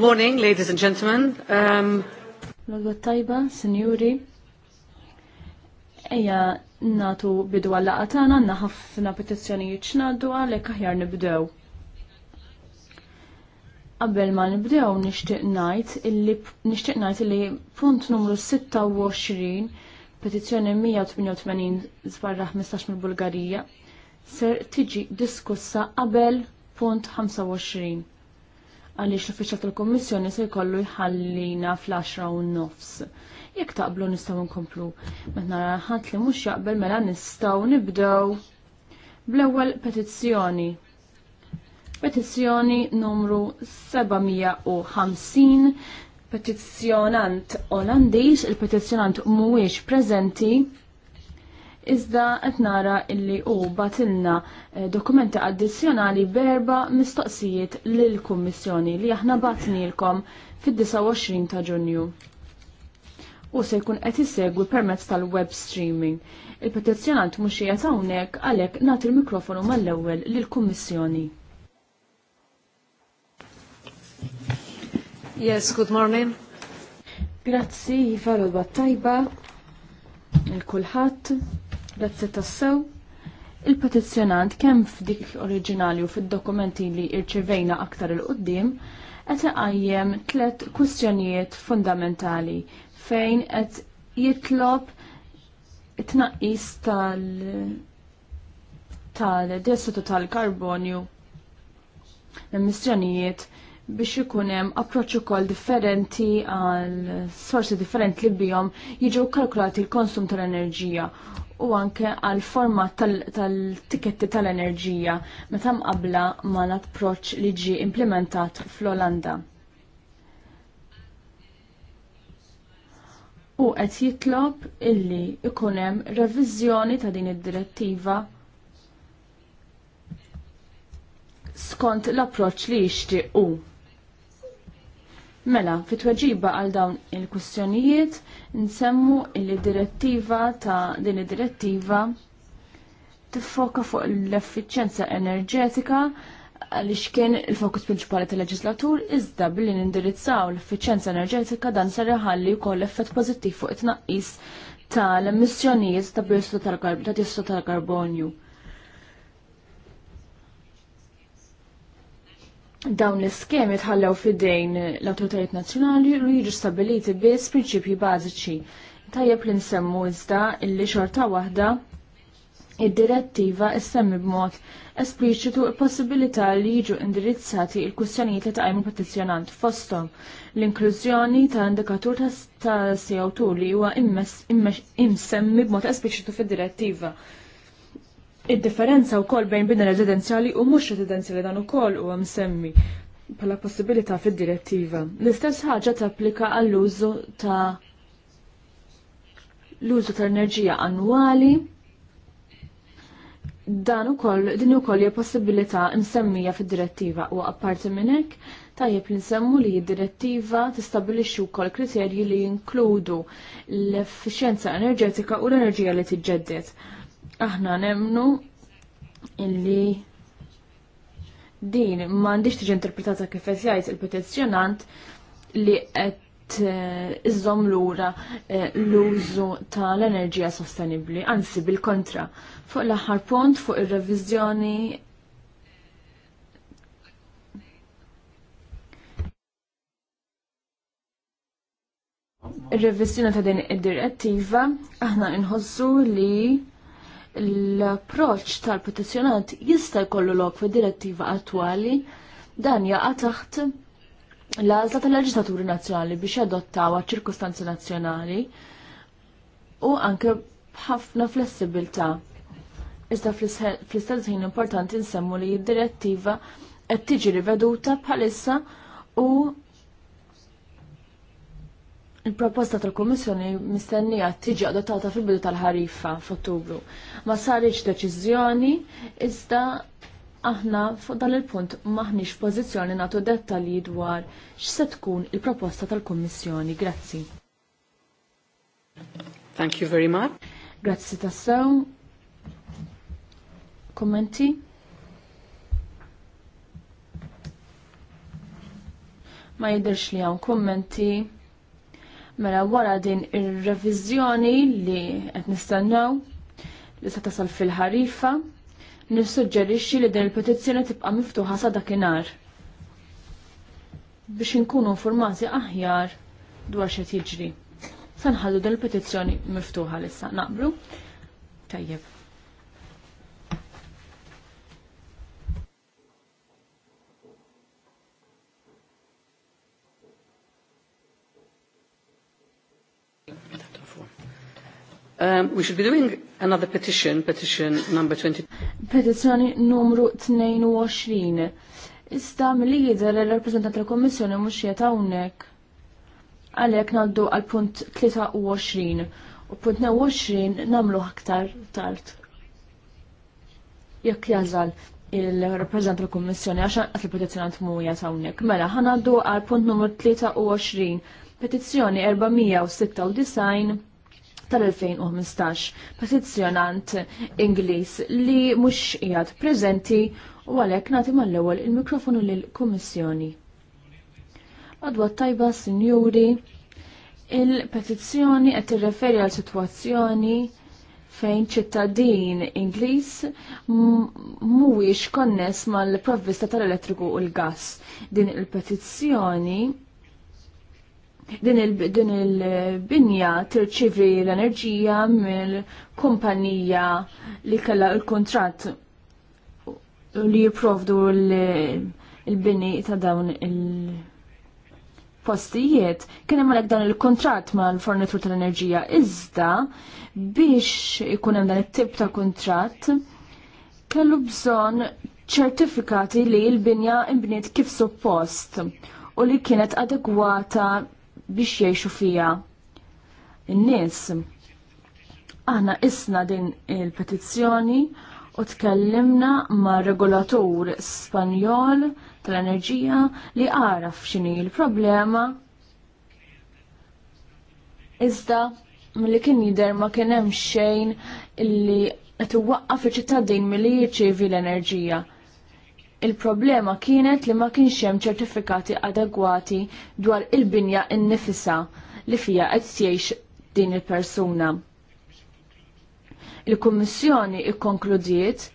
morning, ladies and gentlemen. Um... tajba, senjuri. Eja, natu bidu għalla għatana, għanna ħafna petizzjonijiet xnaddu għalek aħjar nibdew. Qabel ma nibdew nixtieq ngħid illi ngħid punt numru 26 petizzjoni 188 żbarra 15 mill-Bulgarija ser tiġi diskussa qabel punt 25 għaliex l-uffiċjal tal-Kummissjoni se jkollu jħallina fl-10 u nofs. Jekk taqblu nistgħu nkomplu. Meta nara ħadd li mhux jaqbel mela nistgħu nibdew bl-ewwel petizzjoni. Petizzjoni numru 750 petizzjonant Olandiż, il-petizzjonant mhuwiex preżenti iżda qed nara illi hu batilna eh, dokumenti addizzjonali berba mistoqsijiet lill-Kummissjoni li aħna batnilkom fid-29 ta' Ġunju. U se jkun qed isegwi permezz tal-web streaming. Il-petizzjonant mhux qiegħed hawnhekk għalhekk nagħti l-mikrofonu mal-ewwel lill-Kummissjoni. Yes, good morning. Grazzi, farod iva l-Battajba il-kulħadd. Grazzi tassew. Il-petizzjonant kemm f'dik oriġinali u fid-dokumenti li irċivejna aktar il-qoddim qed iqajjem tliet kwistjonijiet fundamentali fejn qed jitlob it-tnaqqis tal tal tal-karbonju l-emissjonijiet biex ikun hemm approċċ ukoll differenti għal sorsi differenti li bihom jiġu kalkulati l-konsum tal-enerġija u anke għal format tal-tiketti tal tal-enerġija meta mqabla ma l-approċ li ġi implementat fl-Olanda. U qed jitlob illi ikun hemm reviżjoni ta' din id-direttiva skont l-approċ li jixtieq u. Mela, fit-tweġiba għal dawn il-kwistjonijiet, nsemmu il-direttiva ta' din id-direttiva tiffoka fuq l-effiċenza enerġetika għaliex kien il-fokus prinċipali tal-leġislatur iżda billi nindirizzaw l-effiċenza enerġetika dan ser iħalli wkoll effett pożittiv fuq it-tnaqqis tal-emissjonijiet ta' biossidu tal-karbonju. dawn l-iskemi tħallew fidejn l-autoritajiet nazzjonali u jiġu stabiliti biss prinċipji bażiċi. Tajjeb li nsemmu iżda illi xorta waħda id-direttiva issemmi b'mod espliċitu il-possibilità li jiġu indirizzati il kustjonijiet li taqajmu petizjonant fostom l-inklużjoni ta' indikatur ta' CO2 li huwa immes b'mod espliċitu fid-direttiva. Id-differenza u koll bejn bina residenzjali u mux residenzjali dan u koll u għamsemmi pala possibilità fil-direttiva. L-istess ħaġa tapplika għall-użu ta' l-użu ta' enerġija annwali dan ukoll din ukoll hija possibilità msemmija fid-direttiva u apparti minn hekk tajjeb li nsemmu li d-direttiva tistabilixxu wkoll kriterji li jinkludu l-effiċjenza enerġetika u l-enerġija li tiġġedded Aħna nemnu illi din m'għandix tiġi interpretata kif qed jgħid il-petizzjonant li qed eh, iżżomm lura eh, l-użu tal-enerġija sostenibbli, anzi bil-kontra. Fuq l-aħħar punt fuq ir-reviżjoni Ir-revizjoni ta' din id-direttiva aħna nħossu li l-approċ tal-petizjonant jista' jkollu lok fi direttiva attwali dan jaqa' taħt l-għażla tal-leġislaturi nazzjonali biex jadottaw ċirkostanzi nazzjonali u anke b'ħafna flessibilità. Iżda fl-istess ħin importanti nsemmu li d-direttiva qed tiġi riveduta bħalissa u il-proposta tal kummissjoni mistennija tiġi adottata fil-bidu tal-ħarifa f'Ottubru ma sarix deċiżjoni, iżda aħna fuq dan il-punt maħniex pożizzjoni nagħtu dettalji dwar x'se tkun il-proposta tal-Kummissjoni. Grazzi. Thank you very much. Grazzi tassew. Kommenti? Ma jidirx li għan kommenti. Mela wara din ir-reviżjoni li qed nistennew li se tasal fil-ħarifa, nissuġġerixxi li din il-petizzjoni tibqa' miftuħa sa dakinhar biex inkunu informati aħjar dwar xed jiġri. Sanħallu din il-petizzjoni miftuħa lissa naqblu. Tajjeb. Um, we should be doing another petition, petition number 20. Petizzjoni numru 22. Iżda mill-lider l rappresentant tal-Kommissjoni mhux qiegħed hawnhekk. Għalhekk ngħaddu għal punt 23 u punt 29 nagħmlu aktar tard. Jekk jażal il rappreżent tal kummissjoni għax qed il-petizzjonant mhu qiegħed hawnhekk. Mela ħanaddu għal punt numru 23 petizzjoni 496 tal-2015. Petizzjonant Ingliż li mhux qiegħed preżenti u għalhekk nagħti mal-ewwel il-mikrofonu lill-Kummissjoni. Adwa tajba, sinjuri, il-petizzjoni qed tirreferi għal sitwazzjoni fejn ċittadin Ingliż mhuwiex konness mal-provvista tal-elettriku u l-gass. Din il-petizzjoni din il-binja tirċivi l-enerġija mill-kumpanija li kella l-kontrat li jiprovdu l-bini ta' dawn il-postijiet. Kien hemm dan il-kontrat ma' l-fornitur tal-enerġija iżda biex ikun hemm dan it-tip ta' kontrat kellu bżonn ċertifikati li l-binja imbniet kif suppost u li kienet adegwata biex jgħixu fija n-nies. Aħna isna din il-petizzjoni u tkellimna ma' regolatur Spanjol tal-enerġija li għaraf xini l-problema. Iżda mill-li kien jidher ma kien hemm xejn illi qed iwaqqaf iċ-ċittadin milli jirċievi l-enerġija. Il-problema kienet li ma kienx hemm ċertifikati adegwati dwar il-binja innifisa li fija qed tgħix din il-persuna. Il-Kummissjoni ikkonkludiet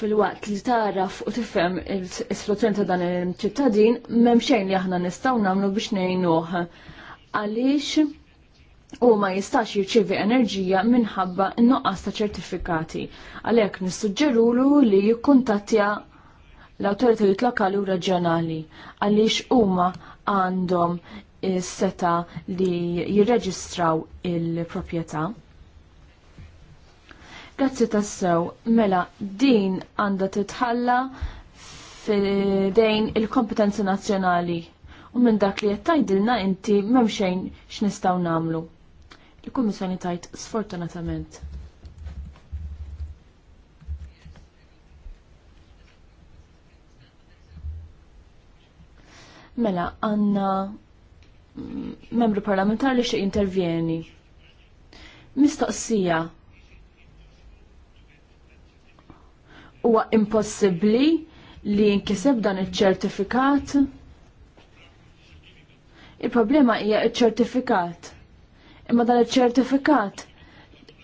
fil-waqt li taraf u tifhem is-sfruttament ta' dan il-ċittadin m'hemm xejn li aħna nistgħu nagħmlu biex ngħinuh. Għaliex u ma jistax jirċivi enerġija minħabba n-noqqas ta' ċertifikati. Għalhekk nissuġġerulu li jikkuntattja l-awtoritajiet lokali u reġjonali għaliex huma għandhom is-seta li jirreġistraw il-proprjetà. Grazzi tassew, mela din għandha titħalla f'dejn il-kompetenzi nazzjonali u minn dak li jettajdilna inti memxejn x'nistgħu nagħmlu. Il-Kummissjoni tajt sfortunatament. Mela, għanna mm, membru parlamentar li xie intervjeni. Mistoqsija. Huwa impossibbli li jinkiseb dan iċ-ċertifikat? Il-problema hija iċ-ċertifikat imma dan iċ-ċertifikat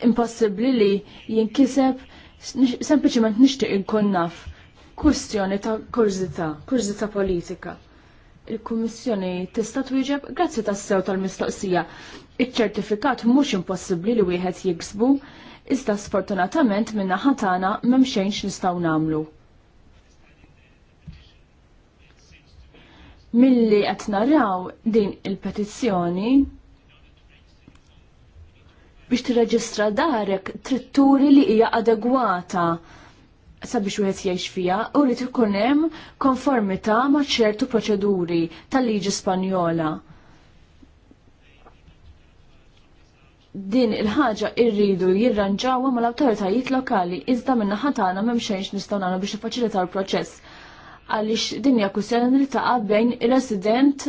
impossibbli li jinkiseb sempliċement nixtieq inkun naf. Kwistjoni ta' kurzita, kurzita politika. Il-Kummissjoni tista' twieġeb grazzi tas-sew tal-mistoqsija. Iċ-ċertifikat mhux impossibbli li wieħed jiksbu, iżda sfortunatament minna ħatana xejnx nistgħu nagħmlu. Milli qed naraw din il-petizzjoni biex tirreġistra darek tritturi li hija adegwata sabiex wieħed jgħix fiha u li tkun hemm konformità ma' ċertu proċeduri tal-liġi Spanjola. Din il-ħaġa irridu jirranġawha mal-awtoritajiet lokali iżda minna ħatana m'hemm xejn nistgħu nagħmlu biex niffaċilitaw l proċess għaliex din hija kwistjoni li taqa' bejn ir-resident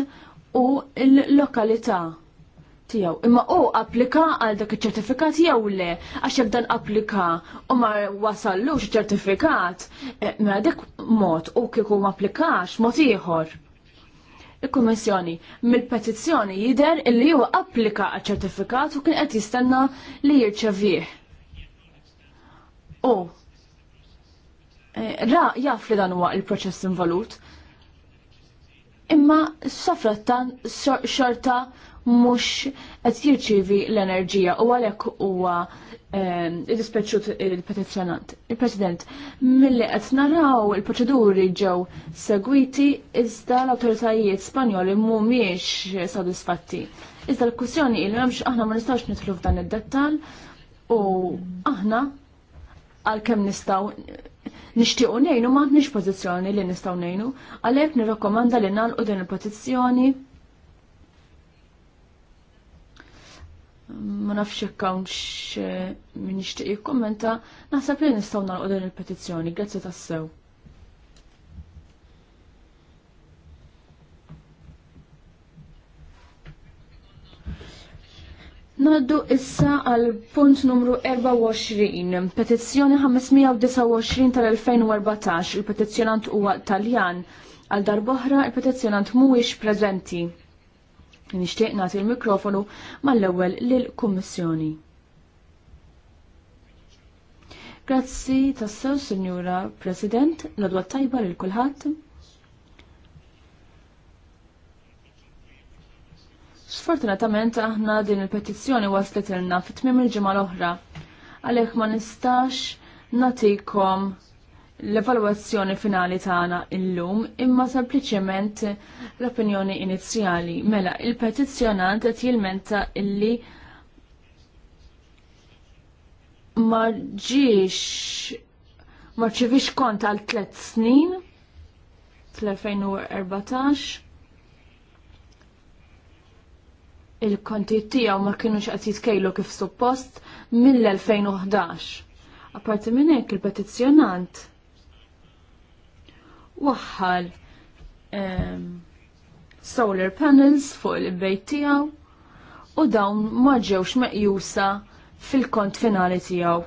u l-lokalità tijaw. Imma u applika għal dak iċ-ċertifikat jew le għax jek dan applika u ma wasallux ċertifikat eh, mela dik mod u kieku ma applikax mod ieħor. Il-Kummissjoni mill-petizzjoni jidher illi hu applika ċertifikat u kien qed jistenna li jirċevih. U eh, ra jaf li dan huwa il-proċess involut imma s-safrattan xorta mhux qed jirċievi l-enerġija u għalhekk huwa dispeċċut ehm, il petizjonant Il-President, milli qed naraw il-proċeduri ġew segwiti iżda l-awtoritajiet Spanjoli mhumiex sodisfatti. Iżda l kussjoni il memx aħna ma nistgħux nitluf f'dan id-dettal u aħna għalkemm nistgħu nixtiequ ngħinu ma għandniex pożizzjoni li nistgħu ngħinu, għalhekk nirrakkomanda li nagħlqu din il-petizzjoni ma nafx hawnx min jixtieq jikkummenta, naħseb li nistgħu nagħlqu din il-petizzjoni, grazzi tassew. Naddu issa għal punt numru 24, petizzjoni 529 tal-2014, il-petizzjonant huwa Taljan, għal darboħra il-petizzjonant mhuwiex preżenti. Nixtieq nagħti l-mikrofonu mal-ewwel lill-Kummissjoni. Grazzi tassew, Sinjura President, l-adwa tajba lil kulħadd. Sfortunatament aħna din il-petizzjoni waslet ilna fit-tmiem il-ġimgħa l-oħra. Għalhekk ma nistax natikom l-evalwazzjoni finali tagħna illum imma sempliċement l-opinjoni inizjali. Mela, il-petizzjonant qed jilmenta illi ma ġiex ma ċivix kont għal tliet snin fl-2014 il-kontijiet tiegħu ma kienux qed jitkejlu kif suppost mill-2011. Apparti minn hekk il-petizzjonant waħħal um, solar panels fuq il-bejt tiegħu u dawn ma ġewx meqjusa fil-kont finali tiegħu.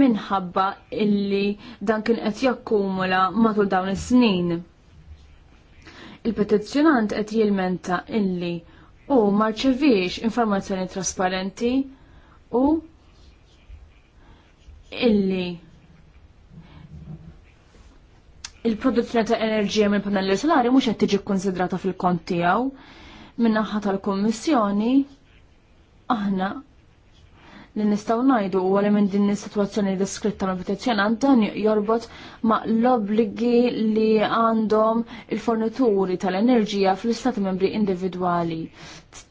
Minħabba illi dan kien qed jakkumula matul dawn is-snin. Il-petizzjonant qed jilmenta illi u rċeviex informazzjoni trasparenti u illi il-produzzjoni ta' enerġija minn pannelli solari mhux qed tiġi kkunsidrata fil-kont tiegħu. Min-naħa tal-Kummissjoni aħna li nistgħu ngħidu huwa li minn din is-sitwazzjoni deskritta mal petizzjonant dan jorbot ma' l-obbligi li għandhom il-fornituri tal-enerġija fl-istati membri individwali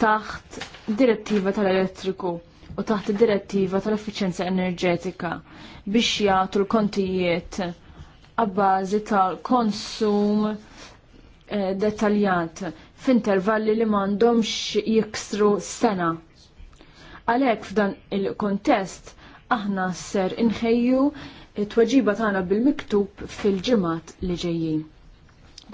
taħt direttiva tal-elettriku u taħt direttiva tal effiċjenza enerġetika biex jagħtu l-kontijiet għabbażi tal-konsum eh, dettaljat f'intervalli li m'għandhomx jiksru sena. Għalhekk f'dan il-kontest aħna ser inħejju it-tweġiba tagħna bil-miktub fil-ġimgħat li ġejjin.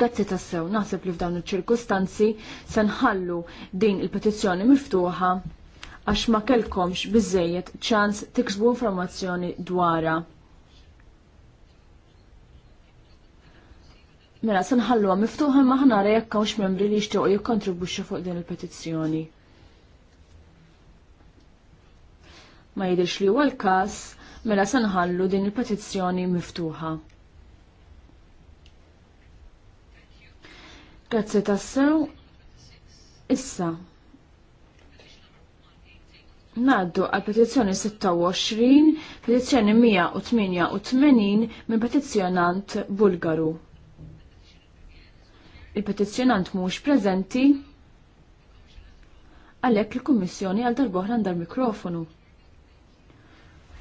Grazzi tassew, naħseb li f'dawn il ċirkustanzi se nħallu din il-petizzjoni miftuħa għax ma kellkomx biżejjed ċans tiksbu informazzjoni dwarha. Mela, sanħalluha miftuħa maħna ħnara jekk hawnx membri li jixtiequ jikkontribwixxu fuq din il-petizzjoni. Ma jidhirx li huwa l-każ, mela sanħallu din il-petizzjoni miftuħa. Grazzi tassew. Issa. Naddu għal petizzjoni 26, petizzjoni 188 minn petizzjonant Bulgaru il-petizzjonant mhux preżenti għalhekk il-Kummissjoni għal darbohra għandha mikrofonu.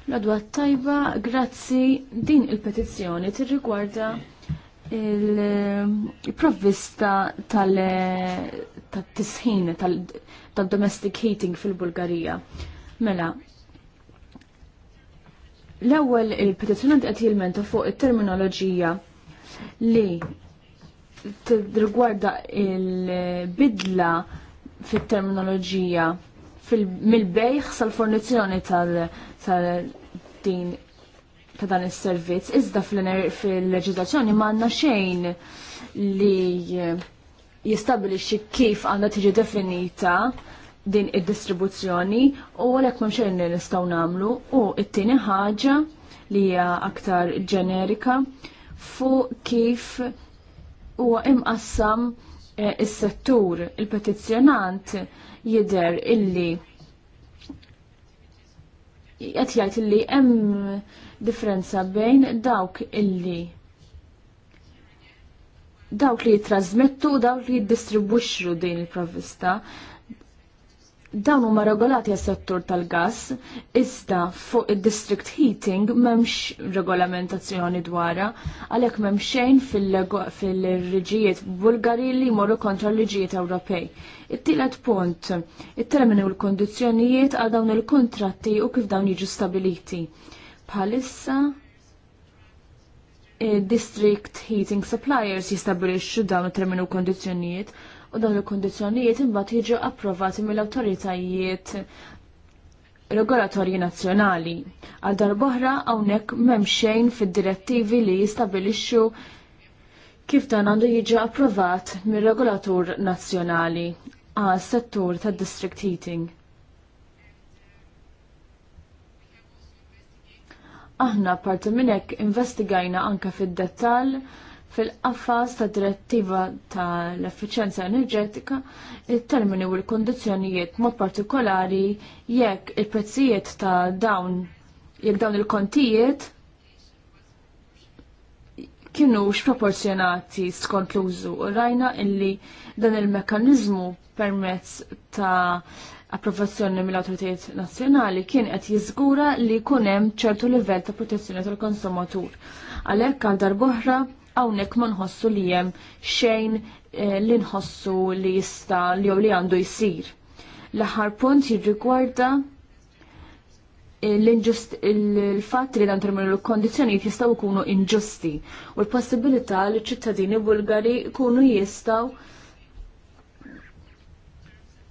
L-adwa tajba, grazzi din il-petizzjoni tirrigwarda il-provvista tal-tisħin, tal-domestic heating fil-Bulgarija. Mela, l-ewwel il-petizzjonant qed jilmenta fuq it-terminoloġija li rigwarda il-bidla fit-terminoloġija mill-bejħ sal-fornizzjoni tal-din ta' dan is-servizz, iżda fil-leġislazzjoni m'għandna xejn li jistabilixxi kif għandha tiġi definita din id-distribuzzjoni u għalhekk m'hemm xejn li nistgħu nagħmlu u t-tieni ħaġa li hija aktar ġenerika fuq kif huwa imqassam eh, is-settur il-petizzjonant jidher illi qed jgħid illi hemm differenza bejn dawk illi dawk li jitrasmettu u dawk li jiddistribwixxu din il-provvista. Dawn huma regolati għas-settur tal-gass, iżda fuq id-district heating m'hemmx regolamentazzjoni dwarha, għalhekk m'hemm xejn fil-riġijiet Bulgari li jmorru kontra l-riġijiet Ewropej. It-tielet punt, it-termini u l-kondizzjonijiet għal dawn il-kontratti u kif dawn jiġu stabiliti. Bħalissa eh, district heating suppliers jistabilixxu dawn it-termini u kondizzjonijiet u dawn il-kondizjonijiet imbagħad jiġu approvati mill-awtoritajiet regolatorji nazzjonali. Għal darbohra hawnhekk m'hemm xejn fid-direttivi li jistabilixxu kif dan għandu jiġi approvat mir-regolatur nazzjonali għas settur tad district heating. Aħna parti minn hekk investigajna anke fid-dettall fil-qafas ta' direttiva tal efficienza enerġetika, il-termini u l-kondizjonijiet mod partikolari jekk il-prezzijiet ta' dawn jekk dawn il-kontijiet kienu x-proporzjonati skont l-użu u rajna illi dan il-mekanizmu permezz ta' approvazzjoni mill-autoritajiet nazzjonali kien qed jiżgura li jkun hemm ċertu livell ta' protezzjoni tal-konsumatur. Għalhekk għal darboħra, hawnhekk ma nħossu li jem xejn eh, li nħossu li jista' li jew li għandu jsir. L-aħħar punt jirrigwarda eh, l-fatt li dan terminu l-kondizjonijiet jistgħu jkunu inġusti u l-possibilità li ċittadini Bulgari jkunu jistgħu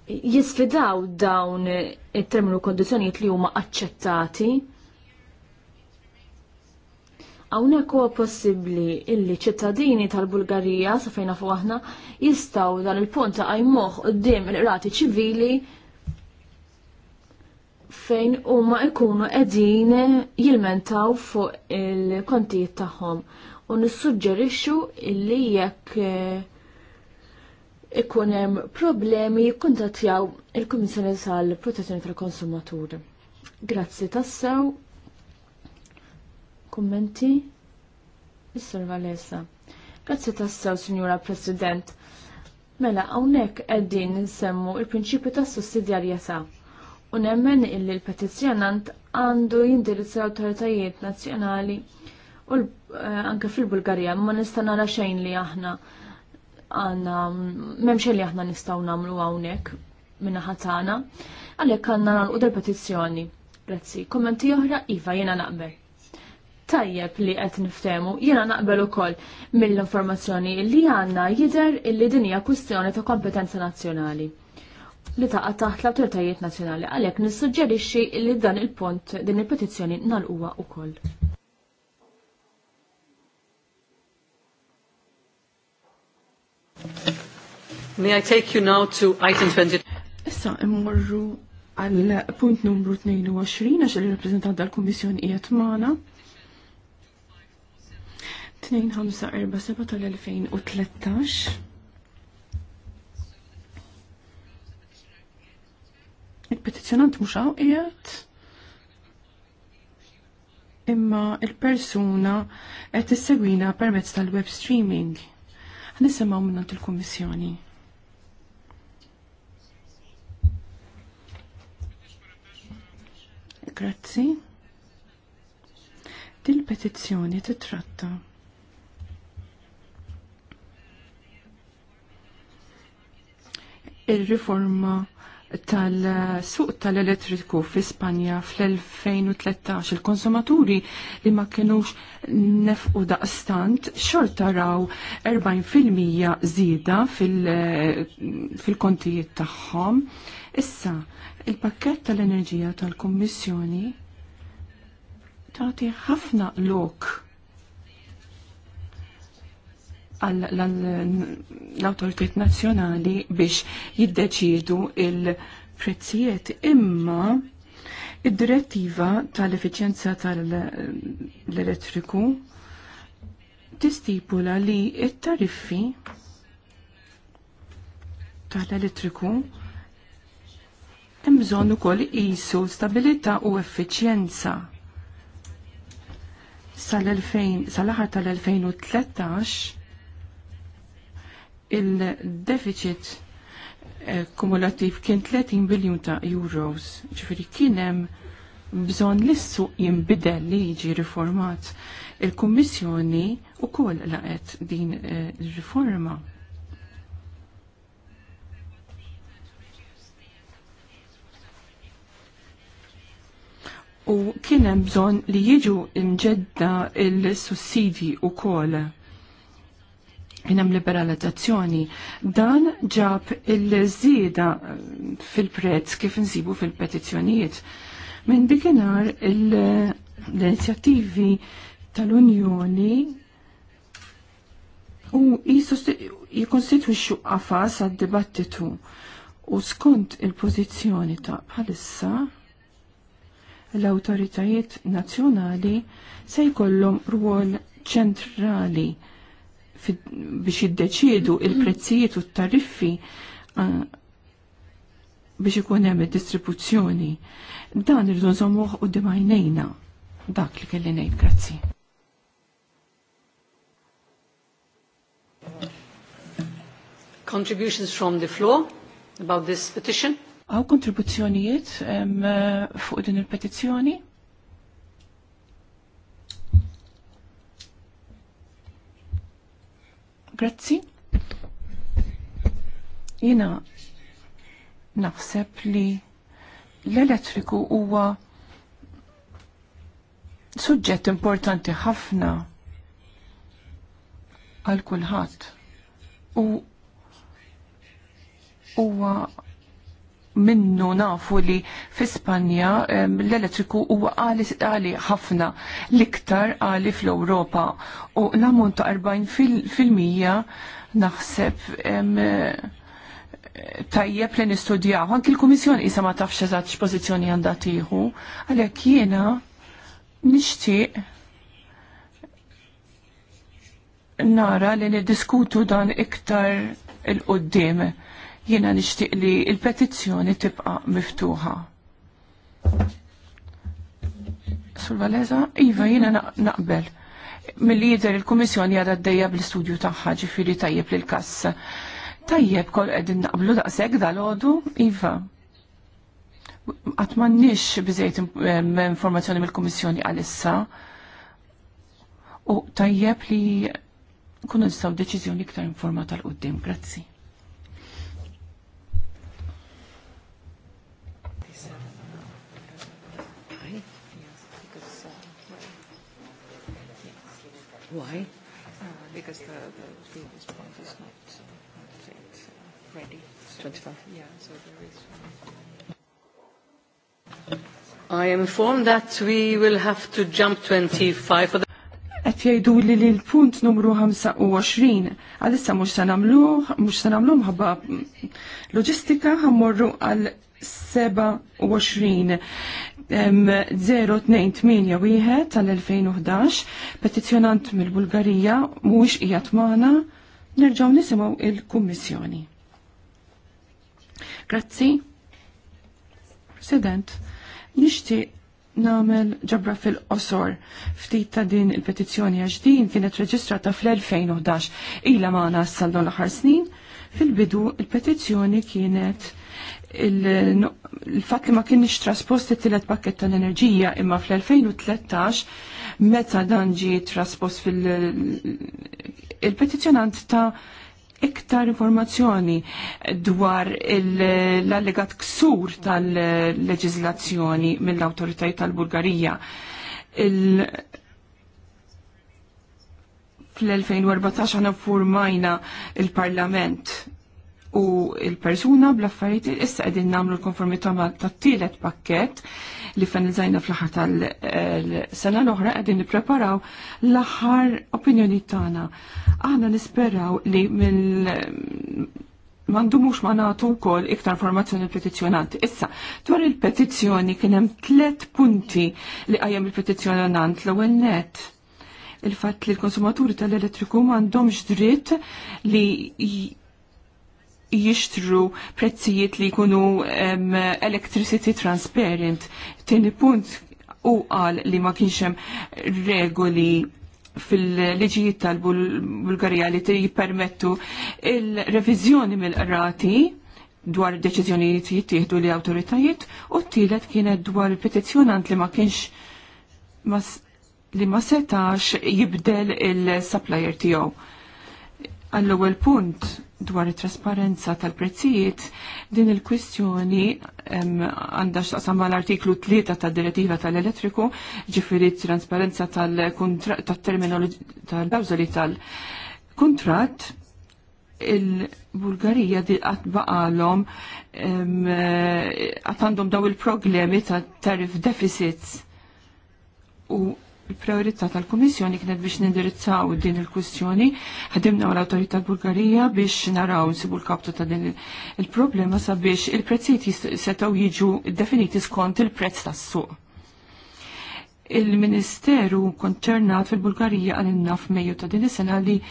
jisfidaw dawn it-terminu kondizjonijiet li huma aċċettati Hawnhekk huwa possibbli illi ċittadini tal-Bulgarija sa fuq aħna jistgħu dan il-punt d-dim il-qrati ċivili fejn huma jkunu qegħdin jilmentaw fuq il-kontijiet tagħhom u nissuġġerixxu illi jekk eh, ikun hemm problemi jikkuntattjaw il-Kummissjoni tal-Protezzjoni tal konsumaturi Grazzi tassew. Kummenti? Is-Sur Valesa. Grazzi tassaw, Signora President. Mela, hawnhekk qegħdin nsemmu il-prinċipju tas sussidjarjetà u nemmen illi l-petizzjonant għandu jindirizza l-awtoritajiet nazzjonali u eh, anke fil-Bulgarija ma nista' nara xejn li aħna għandna m'hemmx li aħna nistgħu nagħmlu hawnhekk minn ħatana. Għalhekk għandna nagħlqu del petizzjoni Grazzi. Kommenti oħra iva jiena naqbel tajjeb li qed niftemu, jiena naqbel ukoll mill-informazzjoni li għandna jidher illi din hija kwistjoni ta' kompetenza nazzjonali li taqa taħt l-autoritajiet nazzjonali għalhekk nissuġġerixxi li dan il-punt din il-petizzjoni nalquha wkoll. May I take you now to item 20? Issa immorru għal punt numru 22 għax il reprezentant tal-Kummissjoni qiegħed maħna. 2547 tal-2013 il-petizjonant mux għawqijat imma il-persuna qed issegwina permezz tal-web streaming. Nisimgħu minnant il-Kummissjoni. Grazzi. Dil-petizzjoni titratta. tratta ir-riforma tal-suq tal-elettriku fi Spanja fl-2013 il-konsumaturi li ma kienux nefqu daqstant xorta raw 40% zida fil-kontijiet fil tagħhom. Issa, il-pakket tal-enerġija tal-Kommissjoni tagħti ħafna lok l-autoritet nazjonali biex jiddeċidu il-prezzijiet imma id-direttiva tal-efficienza tal-elettriku tistipula li it-tariffi tal-elettriku hemm bżonn ukoll qisu stabilità u effiċjenza sal-2000 tal-2013 il-deficit eh, kumulativ kien 30 biljun ta' euros, ġifiri kienem bżon l-issu jimbidel li jiġi riformat. Il-Kommissjoni u koll laqet din il-riforma. Eh, u kienem bżon li jiġu imġedda il-sussidi u koll jenem liberalizzazzjoni, dan ġab il-żieda fil-prezz kif nsibu fil-petizzjonijiet. Minn dikinar l-inizjattivi tal-Unjoni u jikonstituxu qafas għad-dibattitu u skont il-pożizzjoni ta' bħalissa l-autoritajiet nazzjonali se jkollhom rwol ċentrali biex jiddeċiedu il-prezzijiet u t-tariffi eh, biex ikun hemm id-distribuzzjoni. Dan irridu nżommuh u dimajnejna dak li kelli ngħid grazzi. Contributions from the floor about this petition? Għaw kontribuzzjonijiet fuq din il-petizzjoni? Grazzi. Jena naħseb li l-elettriku huwa suġġett importanti ħafna għal kulħadd u huwa minnu nafu li fi Spanja l-elettriku huwa għali ħafna l-iktar għali fl-Ewropa u l-ammont ta' 40 fil-mija naħseb tajjeb li nistudjaw. Anki l-Kummissjoni isa ma tafx eżatt x'pożizzjoni għandha tieħu, għalhekk jiena nixtieq nara li niddiskutu dan iktar il-qoddim Jiena nixtieq li il-petizzjoni tibqa' miftuħa. Sur Valeza, Iva, jiena naqbel. Milli jidher il-Kummissjoni għadha d bl-istudju tagħha ġifieri tajjeb lil kass. Tajjeb kol qegħdin naqblu daqshekk dal-għodu, Iva. Għatmannix biżejt informazzjoni mill-Kummissjoni għalissa. U tajjeb li kunu nistaw deċiżjoni iktar informata l-qoddim. Grazzi. Why? Uh, because the, the previous point is not, uh, not yet uh, ready. So 25. Yeah, so there is. I am informed that we will have to jump 25 for the qed jajdu li li l-punt numru 25 għalissa mux sanamlu, mux sanamlu mħabba mm, loġistika għammurru għal 27 028 tal-2011, petizjonant mill-Bulgarija mhux qiegħed magħna, nerġgħu nisimgħu il-Kummissjoni. Grazzi. President, nixtieq namel ġabra fil-qosor ftit ta' din il-petizzjoni għax din kienet reġistrata fl-2011 ila maħna s saldon l-ħar snin fil-bidu il-petizzjoni kienet il-fat li ma kienx trasposti it-tielet pakket tal-enerġija imma fl-2013 meta dan ġi traspost fil- petizjonant ta' iktar informazzjoni dwar l-allegat ksur tal-leġizlazzjoni mill-autoritajiet tal-Bulgarija. Fl-2014 għana formajna il-parlament u il-persuna bl-affarijiet issa qegħdin nagħmlu l-konformità tat-tielet pakkett li finalizzajna fl-aħħar tal-sena l-oħra qegħdin nippreparaw l-aħħar opinjoni tagħna. Aħna nisperaw li mill mandumux ma nagħtu wkoll iktar informazzjoni petizzjonanti. Issa, dwar il-petizzjoni kien hemm tliet punti li qajjem il-petizzjonant l-ewwel net il-fatt li l-konsumaturi tal-elettriku m'għandhomx dritt li jixtru prezzijiet li jkunu electricity transparent. Tieni punt u qal li ma kienxem regoli fil-liġijiet tal-Bulgarija li jippermettu il-revizjoni mill-qrati dwar deċiżjonijiet jittieħdu li awtoritajiet u t-tielet kienet dwar il-petizzjonant li ma kienx li ma setax jibdel il-supplier tiegħu għall-ewwel punt dwar it-trasparenza tal-prezzijiet, din il-kwistjoni għandha x'taqsam mal-artiklu 3 tad-direttiva tal-elettriku, ġifieri trasparenza tal-terminoloġi tal-bawżoli tal-kuntratt, il-Bulgarija di għatbaqalom għandhom daw il-problemi ta' tarif deficits u priorità tal-Komissjoni kienet biex nindirizzaw din il-kwistjoni, ħadimna l autorità Bulgarija biex naraw nsibu l-kaptu ta' din il-problema sabiex il-prezzijiet setaw jiġu definiti skont il-prezz tas-suq. Il-Ministeru konċernat fil-Bulgarija innaf meju ta' din is-sena li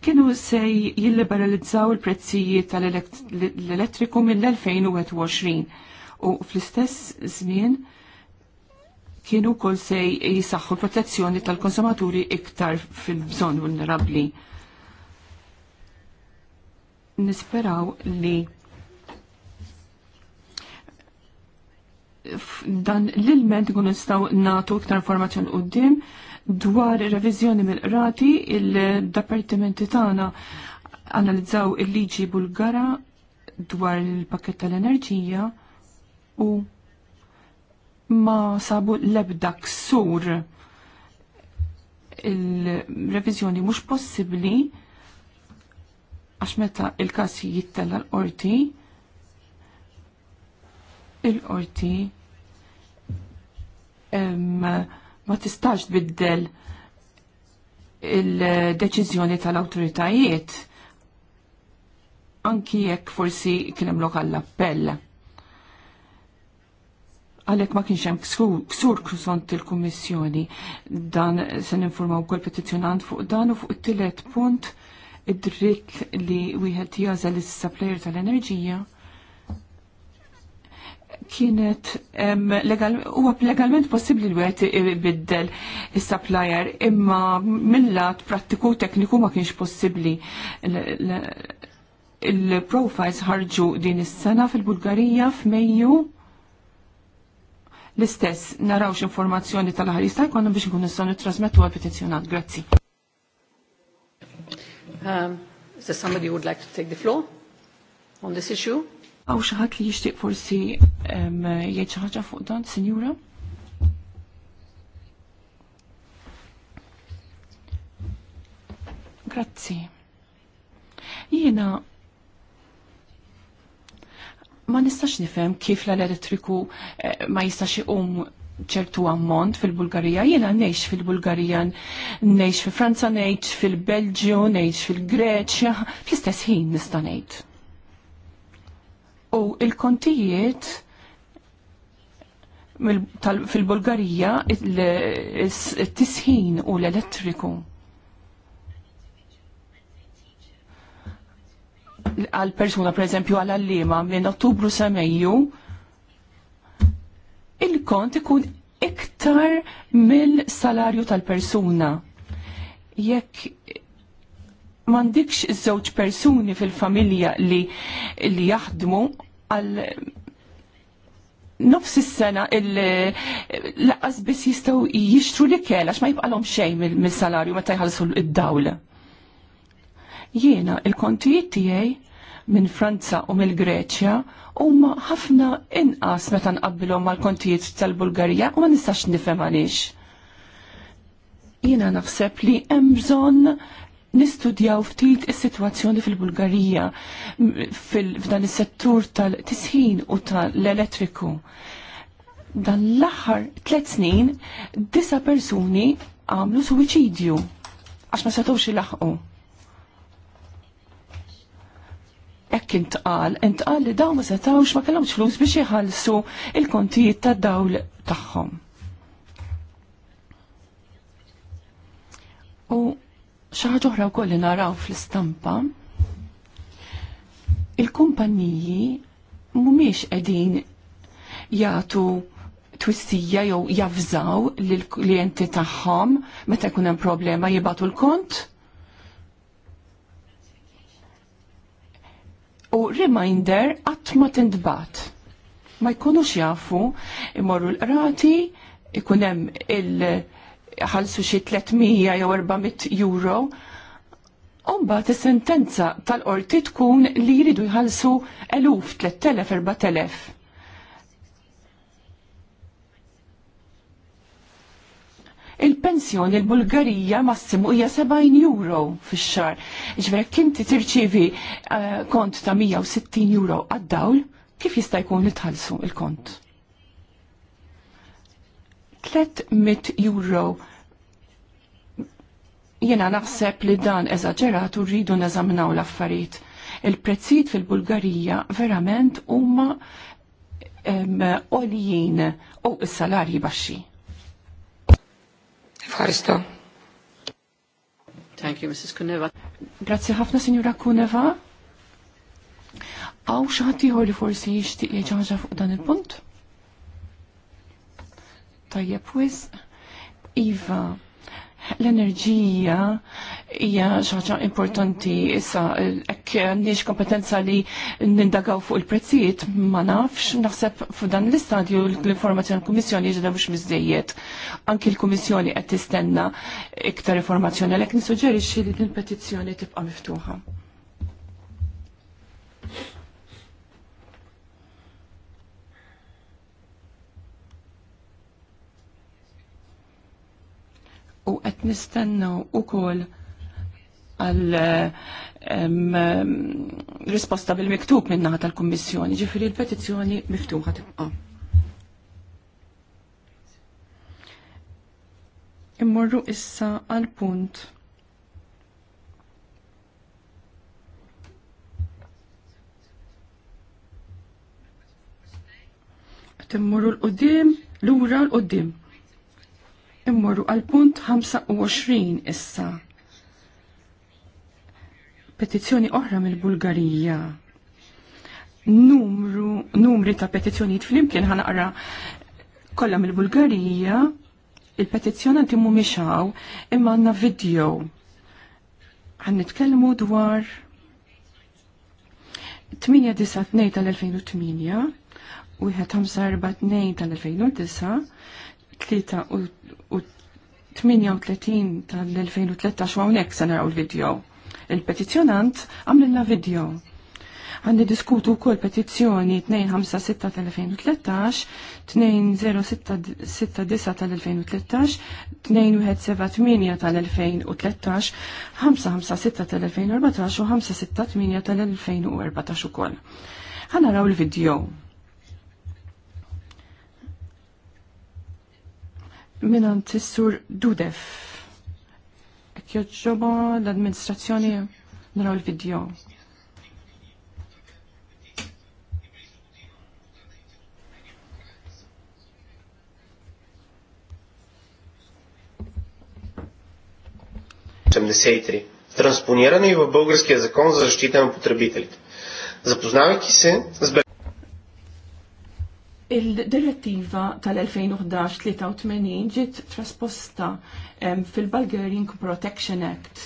kienu se jilliberalizzaw il-prezzijiet tal-elettriku mill-2021 u fl-istess żmien kienu kol se jisaxħu protezzjoni tal-konsumaturi iktar fil-bżon vulnerabli. Nisperaw li dan l-ilment għun nistaw natu iktar informazzjoni qoddim dwar revizjoni mill rati il-Departimenti tagħna analizzaw il-liġi Bulgara dwar il-pakket tal-enerġija u ma sabu lebda ksur il-revizjoni mhux possibbli għax meta il-kas jittella l orti il-qorti ma tistax biddel il-deċizjoni tal-autoritajiet anki jekk forsi kien hemm lokal l-appell għalek ma kienx hemm ksur kruzont il-Kummissjoni. Dan se ninformaw kol petizzjonant fuq dan u fuq it-tielet punt id-dritt li wieħed jażel is-supplier tal-enerġija kienet huwa legalment possibbli li wieħed ibiddel is-supplier imma mill-lat prattiku tekniku ma kienx possibbli il-profiles ħarġu din is-sena fil-Bulgarija f'Mejju l-istess narawx informazzjoni tal ħarista jista' jkollna biex nkun nistgħu nittrażmettu għal petizzjonat. Grazzi. Um, is there somebody who would like to take the floor on this issue? Għaw xaħat li jishtiq forsi jgħid ħaġa fuq dan, sinjura? Grazzi. Jiena ma nistax nifhem kif l-elettriku eh, ma jistax iqum ċertu ammont fil-Bulgarija, jena nejx fil-Bulgarija, nejx fil-Franza, nejx fil-Belġju, nejx fil-Greċja, fl-istess ħin nista' ngħid. U il-kontijiet fil-Bulgarija il-tisħin u l-elettriku għal persuna per eżempju għal allima minn ottubru sa il-kont ikun iktar mill-salarju tal-persuna. Jekk mandikx żewġ persuni fil-familja li, li jaħdmu għal nofs is-sena il-laqqas biss jistgħu jixtru li kell ma jibqalhom xejn mill-salarju meta jħallsu id-dawl. Jiena il-kontijiet tiegħi minn Franza u mill greċja huma ħafna inqas meta nqabbilhom mal-kontijiet tal-Bulgarija u ma nistax nifhem għaliex. Jiena naħseb li hemm bżonn nistudjaw ftit is-sitwazzjoni fil-Bulgarija f'dan is-settur tal-tisħin u tal-elettriku. Dan l-aħħar tliet snin disa persuni għamlu suwiċidju għax ma setgħux ilaħqu. Ekk intqal, intqal li daw ma setawx ma kellhomx flus biex jħallsu il-kontijiet tad-dawl tagħhom. U xaħġa oħra wkoll li naraw fl-istampa, il-kumpanniji mhumiex qegħdin jagħtu twissija jew javżaw lill-klijenti tagħhom meta jkun hemm problema jibgħatu l-kont u reminder qatt ma tintbat. Ma jkunux jafu imorru l-qrati, ikun hemm il-ħalsu xi 300 jew 400 euro. Umba is-sentenza tal-qorti tkun li jridu jħallsu eluf, 3000, 4000. il-pensjoni l-Bulgarija massimu hija 70 euro fix-xar. Ġifier kinti tirċivi eh, kont ta' 160 euro għad-dawl, kif jista' jkun li tħallsu il-kont? 300 euro jena naħseb li dan eżagġerat u rridu neżaminaw l-affarijiet. Il-prezzijiet fil-Bulgarija verament huma għoljin u s-salarji baxxi. Ευχαριστώ. Thank you, Mrs. Kuneva. Grazie ħafna, Signora Kuneva. Għaw xaħat li forsi jishtiq jieġaġa fuq dan il-punt? Tajjeb, wiz. Iva, L-enerġija hija xi ħaġa importanti issa hekk għandniex kompetenza li nindagaw fuq il-prezzijiet ma nafx naħseb f'dan l-istadju l-informazzjoni l-Kummissjoni ġeda mhux miżdejjed. Anki l-Kummissjoni qed tistenna iktar informazzjoni għalhekk nissuġġerixxi li l-petizzjoni tibqa' miftuħa. u qed nistennew ukoll għal risposta bil-miktub minnaħa tal-Kummissjoni, ġifiri l-petizzjoni miftuħa tibqa. Immorru issa għal punt Timmurru l-qoddim, l-ura l-qoddim immorru għal punt 25 issa. Petizzjoni oħra mill-Bulgarija. Numru, numri ta' petizzjonijiet fl-imkien ħanaqra kollha mill-Bulgarija il-petizzjonanti mhumiex hawn imma għandna video. Għan nitkellmu dwar 9 tal-2008 u 8 tal-2009 38 tal-2013 għawnek se naraw il-video. Il-petizjonant għamlilna video. Għandi diskutu kol petizjoni 256 tal-2013, 2069 tal-2013, 2178 tal-2013, 556 tal-2014 u 568 tal-2014 u kol. naraw il-video. minan tissur Dudef. Ek l-administrazzjoni naraw il-video. Транспониран и в българския закон за защита на потребителите. Запознавайки се с Il-direttiva tal-2011-83 ġiet trasposta fil-Bulgarian Protection Act.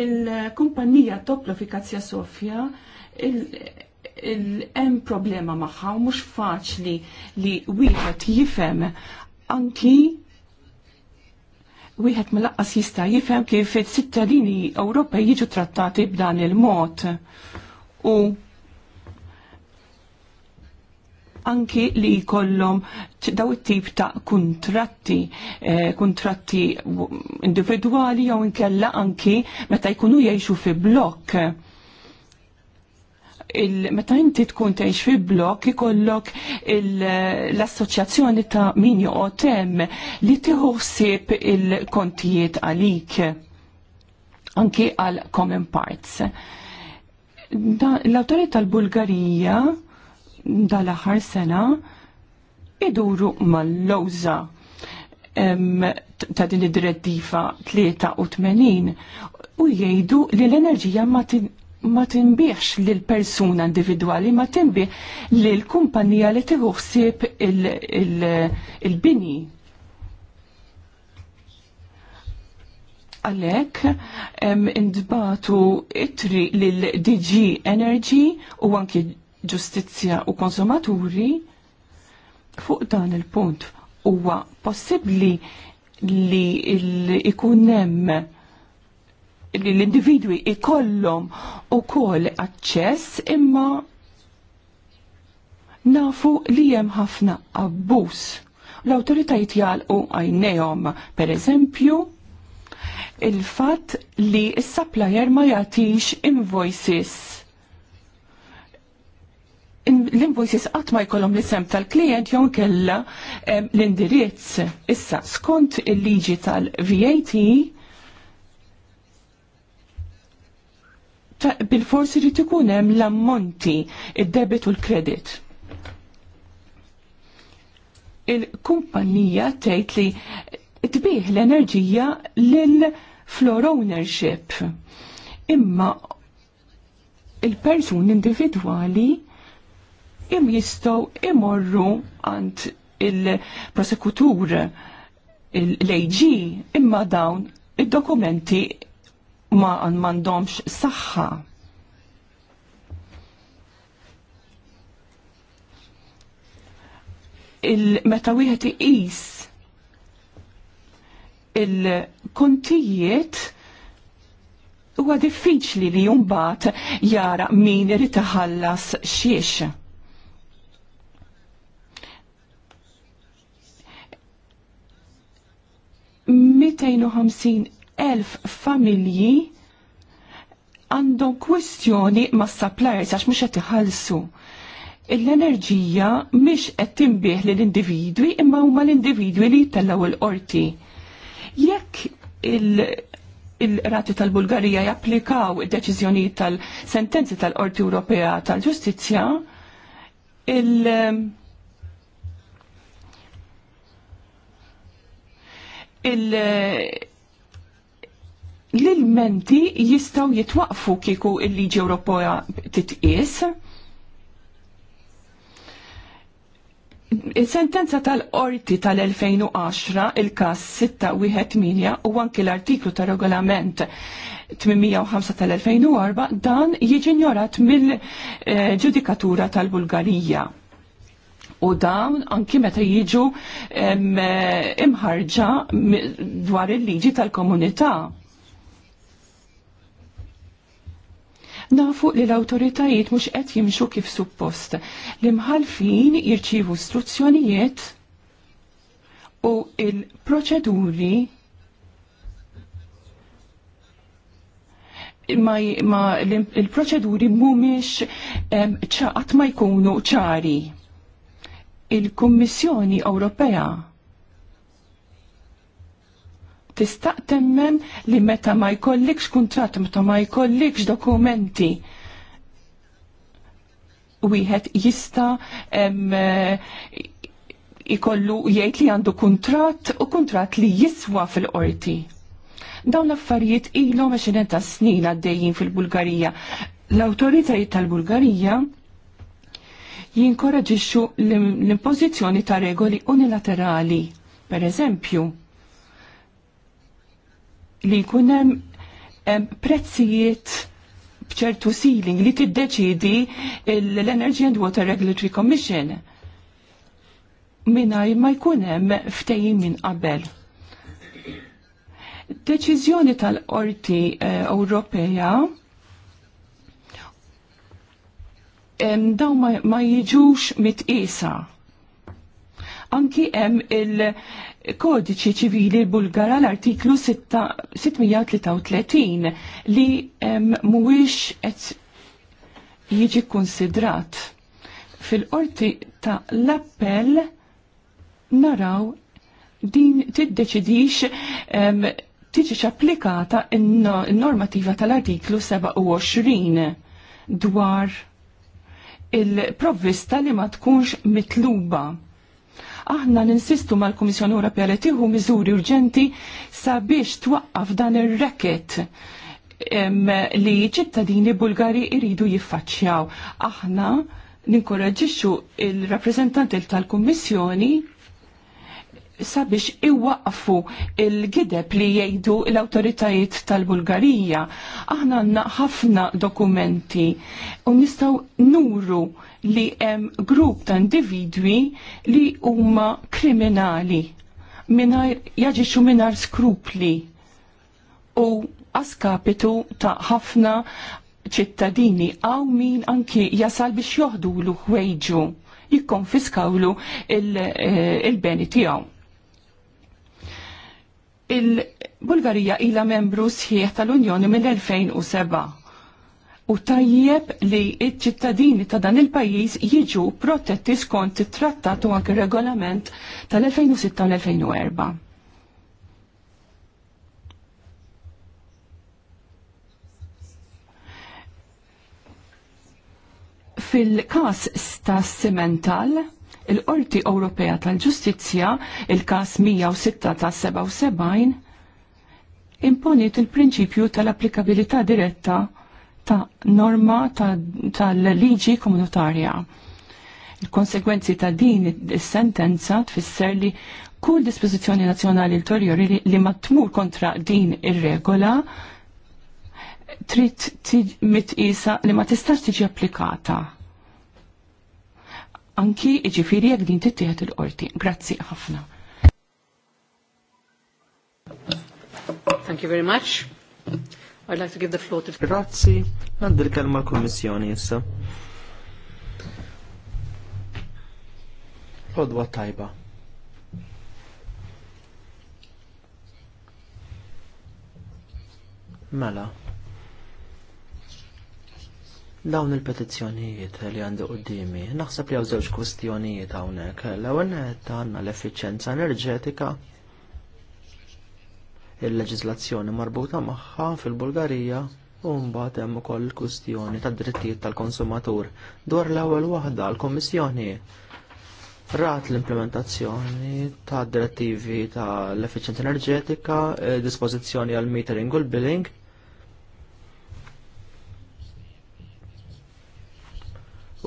Il-kumpanija Toplofikazzja Sofja il-em problema maħħa u mux faċli li wieħed jifem anki wieħed mill-laqqas jista' jifhem kif it-sittadini Ewropej jiġu trattati b'dan il-mod. U anki li jkollhom daw it-tip ta' kuntratti, kontratti eh, kuntratti individwali jew inkella anki meta jkunu jgħixu fi blok. meta inti tkun tgħix fi blok ikollok l-assoċjazzjoni ta' min joqgħod hemm li tiħuħsib il-kontijiet għalik anki għal common parts. L-autorità tal-Bulgarija dal-aħħar sena iduru mal-lowża ta' din id-direttiva 83 u jgħidu li l-enerġija ma tinbieħx l persuna individwali, ma tinbieħ l kumpanija li tiħuħsib il-bini. Għalek, indbatu itri l DG Energy u anki ġustizzja u konsumaturi fuq dan il-punt huwa possibbli li ikun hemm li l-individwi ikollhom ukoll aċċess imma nafu li hemm ħafna abbuż. L-awtoritajiet jalqu għajnejhom, pereżempju, il-fatt li s-supplier ma jagħtix invoices l-invoices qatt ma jkollhom l-isem tal-klient jew kella l-indirizz. Issa skont il-liġi tal-VAT bil-forsi li ikun hemm l-ammonti id-debit u l-kredit. Il-kumpanija tgħid li tbih l-enerġija lill floor ownership. Imma il-persun individwali im jistow imorru għand il-prosekutur l-AG imma dawn id-dokumenti ma mandomx saħħa. Il-meta wieħed iqis il-kontijiet huwa diffiċli li jumbat jara min irid iħallas xiex 250.000 elf familji għandhom kwistjoni ma' suppliers għax mhux qed iħallsu. L-enerġija mhix qed tinbih lill individwi imma huma l-individwi li jitellgħu l-qorti. Jekk il-rati il tal-Bulgarija japplikaw id-deċiżjonijiet tal-sentenzi tal-Qorti Ewropea tal-Ġustizzja, tal bulgarija japplikaw id deċiżjonijiet tal sentenzi tal qorti ewropea tal ġustizzja il il- l-ilmenti jistaw jitwaqfu kieku il-liġi Ewropea titqis. Il-sentenza tal-qorti tal-2010, il-kas 618 u anki l-artiklu tal-regolament 805 tal-2004, dan jiġi mill-ġudikatura tal-Bulgarija u dawn anki meta jiġu eh, imħarġa dwar il-liġi tal-komunità. Nafu li l-autoritajiet mhux qed jimxu kif suppost. li mħalfin jirċievu istruzzjonijiet u il-proċeduri ma, ma il-proċeduri mumiex ċaqat ma jkunu ċari il-Kummissjoni Ewropea tista' temmen li meta ma jkollikx kuntratt, meta ma jkollikx dokumenti wieħed jista jkollu jgħid li għandu kuntratt u kuntratt li jiswa fil-qorti. Dawn l-affarijiet ilhom għaxinen ta' snin għaddejjin fil-Bulgarija. L-awtoritajiet tal-Bulgarija jinkoraġixxu l-impożizzjoni ta' regoli unilaterali. Per eżempju, li jkun hemm prezzijiet bċertu ceiling li tiddeċidi l-Energy and Water Regulatory Commission minnaj ma jkun hemm ftejjin minn qabel. Deċiżjoni tal-Qorti eh, Ewropea uh, daw ma, ma jiġux isa. Anki hemm il-kodiċi ċivili bulgara l-artiklu 633 li mhuwiex qed jiġi konsidrat fil-qorti ta' l-appell naraw din tiddeċidix tiġi applikata in-normativa tal-artiklu 27 dwar il-provvista li ma tkunx mitluba. Aħna ninsistu mal-Komissjoni Ewropea li tieħu miżuri urġenti sabiex twaqqaf dan ir-reket li ċittadini Bulgari iridu jiffaċċjaw. Aħna ninkoraġġixxu il-rappreżentanti tal-Kummissjoni sabiex iwaqfu il-gideb li jgħidu l-autoritajiet tal-Bulgarija. Aħna għanna ħafna dokumenti u nistaw nuru li hemm grupp ta' individwi li huma kriminali minar jaġiċu minar skrupli u askapitu ta' ħafna ċittadini għaw min anki jasal biex joħdu l-ħwejġu jikkonfiskawlu eh, il-beni il tijaw il-Bulgarija ila membru sħiħ tal-Unjoni mill-2007 u tajjeb li il ċittadini ta' dan il-pajjiż jiġu protetti skont it-trattat u anke regolament tal-2006 2004 Fil-kas ta' Simental, Il-Qorti Ewropea tal-Ġustizzja, il-każ 106 ta' 77, imponiet il-prinċipju tal-applikabilità diretta ta' norma tal-liġi ta komunitarja. Il-konsekwenzi ta' din is-sentenza tfisser li kull dispożizzjoni nazzjonali ulterjori li ma tmur kontra din ir-regola trid mitqisa li ma tistax tiġi applikata anki iġifiri jek din tittieħed il-qorti. Grazzi ħafna. Thank you very much. I'd like to give the floor to... Grazzi, għaddi kalma l-Kommissjoni jissa. Odwa tajba. Mela. Dawn il-petizzjonijiet li għandu qoddimi, naħseb li għaw żewġ kwistjonijiet hawnhekk. L-ewwel għandna l-effiċenza enerġetika il-leġiżlazzjoni marbuta magħha fil-Bulgarija u mbagħad hemm ukoll kwistjoni tad-drittijiet tal-konsumatur. Dwar l-ewwel waħda l-Kommissjoni rat l-implementazzjoni ta' direttivi ta' l-efficienza enerġetika, eh, dispożizzjoni għal metering u l-billing,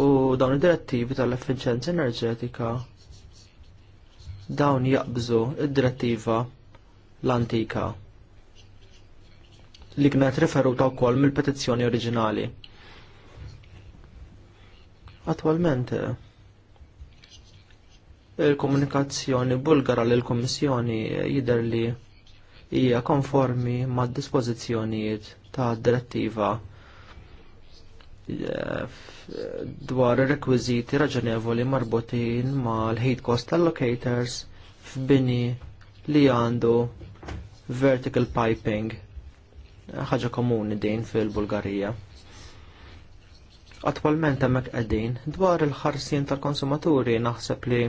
u dawn id-direttivi tal efficienza enerġetika dawn jaqbżu id-direttiva l-antika li kienet riferuta wkoll mill-petizzjoni oriġinali. Attualment il-komunikazzjoni bulgara l kummissjoni jidher li hija konformi mad dispożizzjonijiet ta' direttiva dwar rekwiziti raġonevoli marbutin mal l-heat cost allocators f'bini li għandu vertical piping ħaġa komuni din fil-Bulgarija. Attualment hemmhekk qegħdin dwar il-ħarsien tal-konsumaturi naħseb li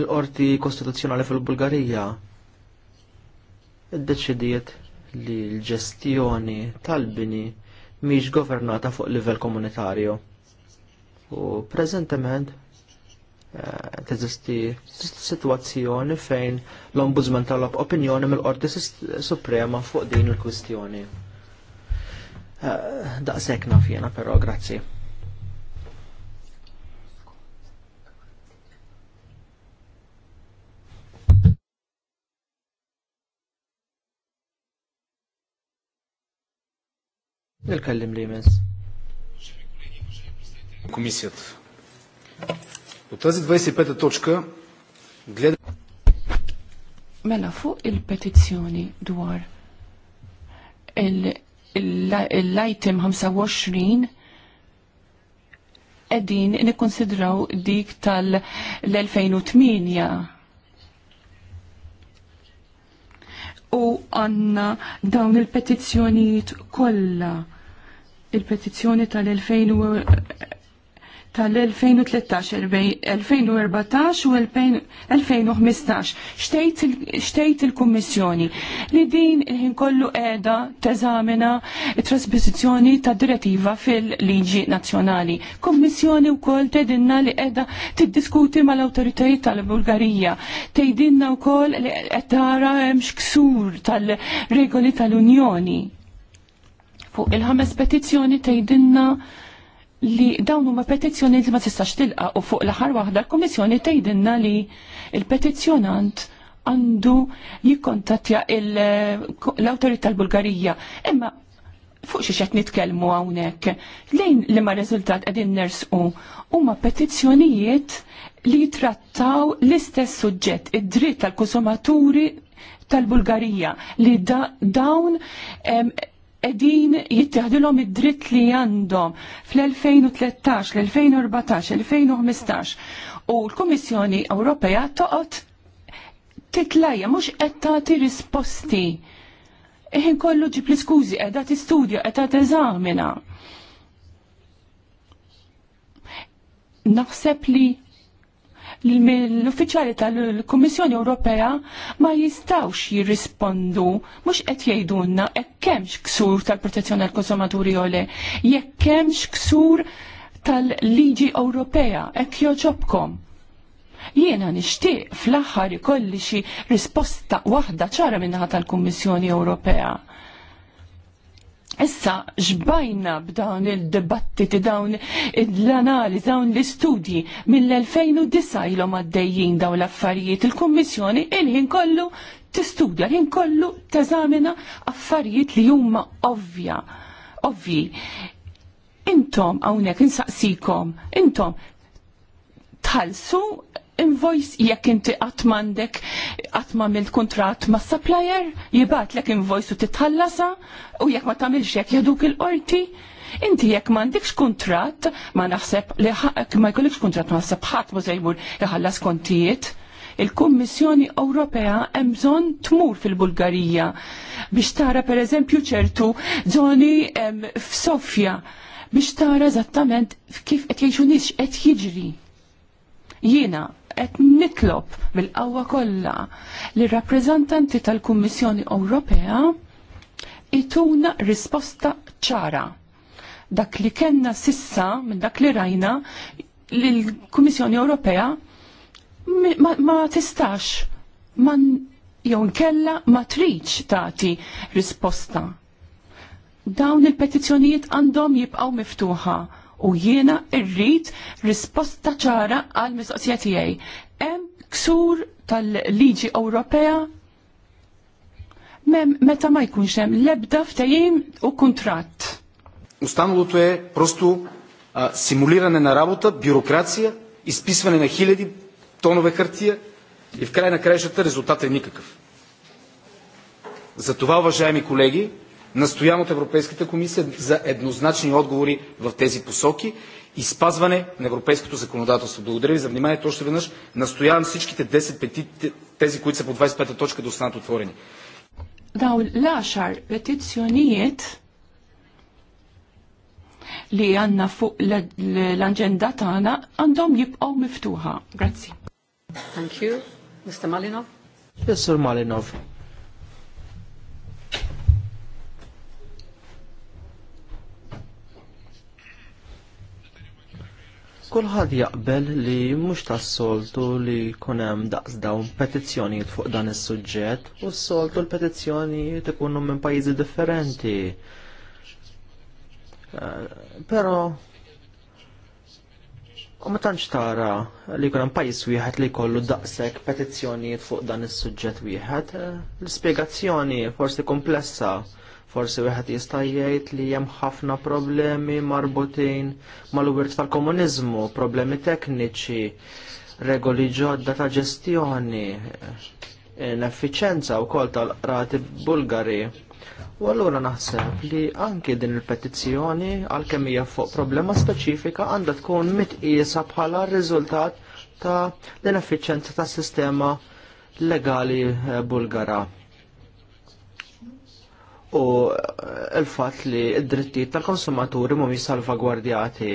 il-qorti kostituzzjonali fil-Bulgarija id-deċidiet li l-ġestjoni tal-bini mhix governata fuq livell komunitarju. U preżentement eh, teżisti situazzjoni fejn l-Ombudsman talab opinjoni mill-Qorti Suprema fuq din il-kwistjoni. Eh, daqshekk naf jiena però grazzi. Nil-kellim li jmens. Комисията. U tazi 25 toċka, точка гледа... Mela, il-petizzjoni dwar l-item 25 edin nikonsidraw dik tal-2008 u għanna dawn il-petizzjonijiet kollha il-petizzjoni tal-2000 tal-2013, 2014 u 2015. Xtejt il-Kommissjoni li din il-ħin kollu edha teżamina trasposizjoni ta' direttiva fil-liġi nazjonali. Kommissjoni u koll tejdinna li edha tiddiskuti mal autoritajiet tal-Bulgarija. Tejdinna u koll li għettara mxksur tal-regoli tal-Unjoni fuq il-ħames petizzjoni tgħidilna li dawn huma petizzjoni li ma tistax tilqa' u fuq l-aħħar waħda l-Kummissjoni tgħidilna li il-petizzjonant għandu jikkontattja l-awtorità l-Bulgarija. Imma fuq xi qed nitkellmu hawnhekk. Lejn li ma riżultat qegħdin nersqu huma petizzjonijiet li jitrattaw l-istess suġġett, id-dritt tal kusumaturi tal-Bulgarija li da, dawn edin jittihdilom id-dritt li għandhom fl-2013, l-2014, l-2015 u l-Komissjoni Ewropea toqgħod titlajja mhux qed tagħti risposti. Iħin kollu ġib l-iskużi qiegħda tistudja qiegħda teżamina. Naħseb li l-uffiċjali tal-Kummissjoni Ewropea ma jistawx jirrispondu mhux qed jgħidulna hekk hemmx ksur tal-protezzjoni tal-konsumaturi ole, jekk hemmx ksur tal-liġi Ewropea, hekk joġobkom. Jiena nixtieq fl-aħħar ikolli xi risposta waħda ċara minnaħa tal-Kummissjoni Ewropea Issa xbajna b'dawn il-dibattiti dawn l-analiz dawn l-istudji mill-2009 il-om għaddejjin dawn l-affarijiet il-Kummissjoni il-ħin kollu tistudja, l-ħin kollu teżamina affarijiet li huma ovvja, ovvji. Intom hawnhekk insaqsikom, intom tħallsu invoice jekk inti qatt m'għandek qatt m'għamilt kuntratt ma' supplier, jibatlek invoice u titħallasa u jekk ma tagħmilx hekk jaduk il-qorti. Inti jekk m'għandekx kuntratt ma naħseb li ma jkollekx kuntratt ma naħseb ħadd sejbur jmur ħallas kontijiet il-Kummissjoni Ewropea hemm bżonn tmur fil-Bulgarija biex tara pereżempju ċertu żoni f'Sofja biex tara eżattament kif qed jgħixu nies qed jiġri. Jiena qed nitlob bil-qawwa kollha li rappreżentanti tal-Kummissjoni Ewropea ituna risposta ċara. Dak li kenna sissa minn dak li rajna li l-Kummissjoni Ewropea ma, ma tistax man jew nkella ma triċ tagħti risposta. Dawn il-petizzjonijiet għandhom jibqgħu miftuħa u jiena rrid risposta ċara għal mistoqsija tiegħi. Hemm ksur tal-liġi Ewropea mem meta ma jkunx hemm l-ebda ftehim u kuntratt. Останалото е просто а, симулиране на работа, бюрокрация, изписване на хиляди тонове хартия и в край на краищата резултат е никакъв. Затова, уважаеми колеги, настоявам от Европейската комисия за еднозначни отговори в тези посоки и спазване на европейското законодателство. Благодаря ви за вниманието още веднъж. Настоявам всичките 10 петиции, тези, които са по 25-та точка, да останат отворени. Daw l-10 petizzjonijiet li għanna fuq l-agenda tagħna għandhom jibqgħu miftuħa. Grazzi. Thank you. Mr. Malinov? Yes, Sir Malinov. Kulħadd jaqbel li mhux tas-soltu li jkun hemm daqs dawn petizzjonijiet fuq dan is-suġġett u s-soltu l-petizzjonijiet tkunu minn pajjiżi differenti. Eh, però U ma tantx tara li jkun hemm pajjiż wieħed li jkollu daqshekk petizzjonijiet fuq dan is-suġġett wieħed. Eh, l-ispjegazzjoni forsi komplessa Forsi wieħed jista' jgħid li hemm ħafna problemi marbutin mal-wirt tal-komuniżmu, problemi tekniċi, regoli ġodda ta' ġestjoni, ineffiċenza wkoll tal-qrati Bulgari. U allura naħseb li anki din il-petizzjoni għalkemm hija fuq problema speċifika għandha tkun mitqiesa bħala riżultat ta' l-ineffiċenza tas sistema legali eh, Bulgara u l-fatt li d-drittijiet tal-konsumaturi mhumiex salvagwardjati.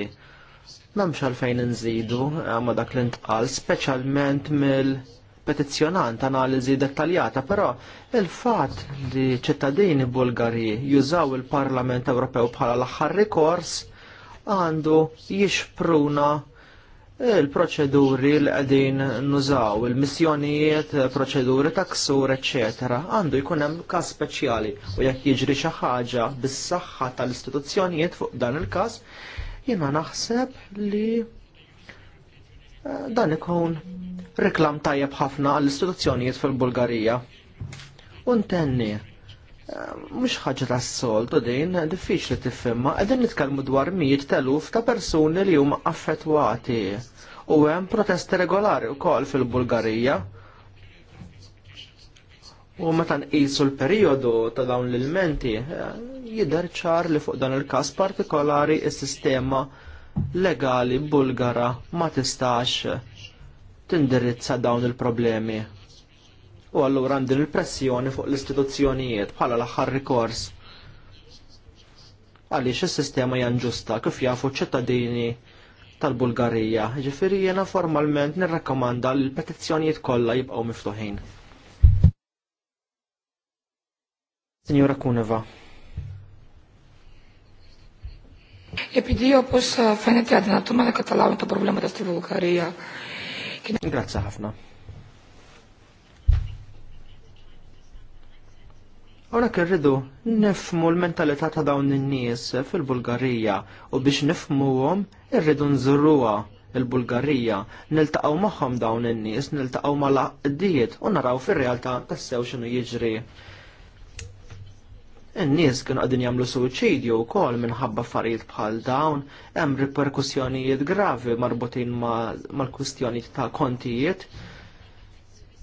M'hemmx għalfejn inżidu ma dak li ntqal, speċjalment mill petizzjonant analiżi dettaljata, però il-fatt li ċittadini Bulgari jużaw il-Parlament Ewropew bħala l-aħħar rikors għandu jixpruna il-proċeduri li għadin nużaw, il-missjonijiet, proċeduri ta' ksur, ecc. Għandu jkun hemm każ speċjali u jekk jiġri xi ħaġa bis-saħħa tal-istituzzjonijiet fuq dan il-każ, jiena naħseb li eh, dan ikun reklam tajjeb ħafna għall-istituzzjonijiet fil-Bulgarija. Untenni, mhux ħaġa tas-soltu din, diffiċli tifimma, qegħdin nitkellmu dwar mijiet teluf ta' persuni li huma affettwati u hemm protesti regolari wkoll fil-Bulgarija. U meta nqisu l-perjodu ta' dawn l-ilmenti, eh, jidher ċar li fuq dan il-każ partikolari il sistema legali Bulgara ma tistax tindirizza dawn il-problemi u allura għandin il-pressjoni fuq l-istituzzjonijiet bħala l-aħħar rikors. Għaliex is-sistema janġusta kif jafu ċittadini tal-Bulgarija, ġifiri jena formalment nirrakkomanda li l-petizzjonijiet kollha jibqgħu miftuħin. Signora Kuneva. Επειδή όπως φαίνεται αδυνατούμε να ta' problema πρόβλημα sti Bulgarija. Grazie, Hafna. Unek irridu nifmu l-mentalità ta' dawn in-nies fil-Bulgarija u biex nifmuhom irridu nżurruha il-Bulgarija, niltaqgħu magħhom dawn in-nies, niltaqgħu mal-qdijiet u naraw fir-realtà tassew x'inhu jiġri. In-nies kienu qegħdin jagħmlu suċidju wkoll minħabba affarijiet bħal dawn, hemm riperkussjonijiet gravi marbutin mal-kwistjonijiet ta' kontijiet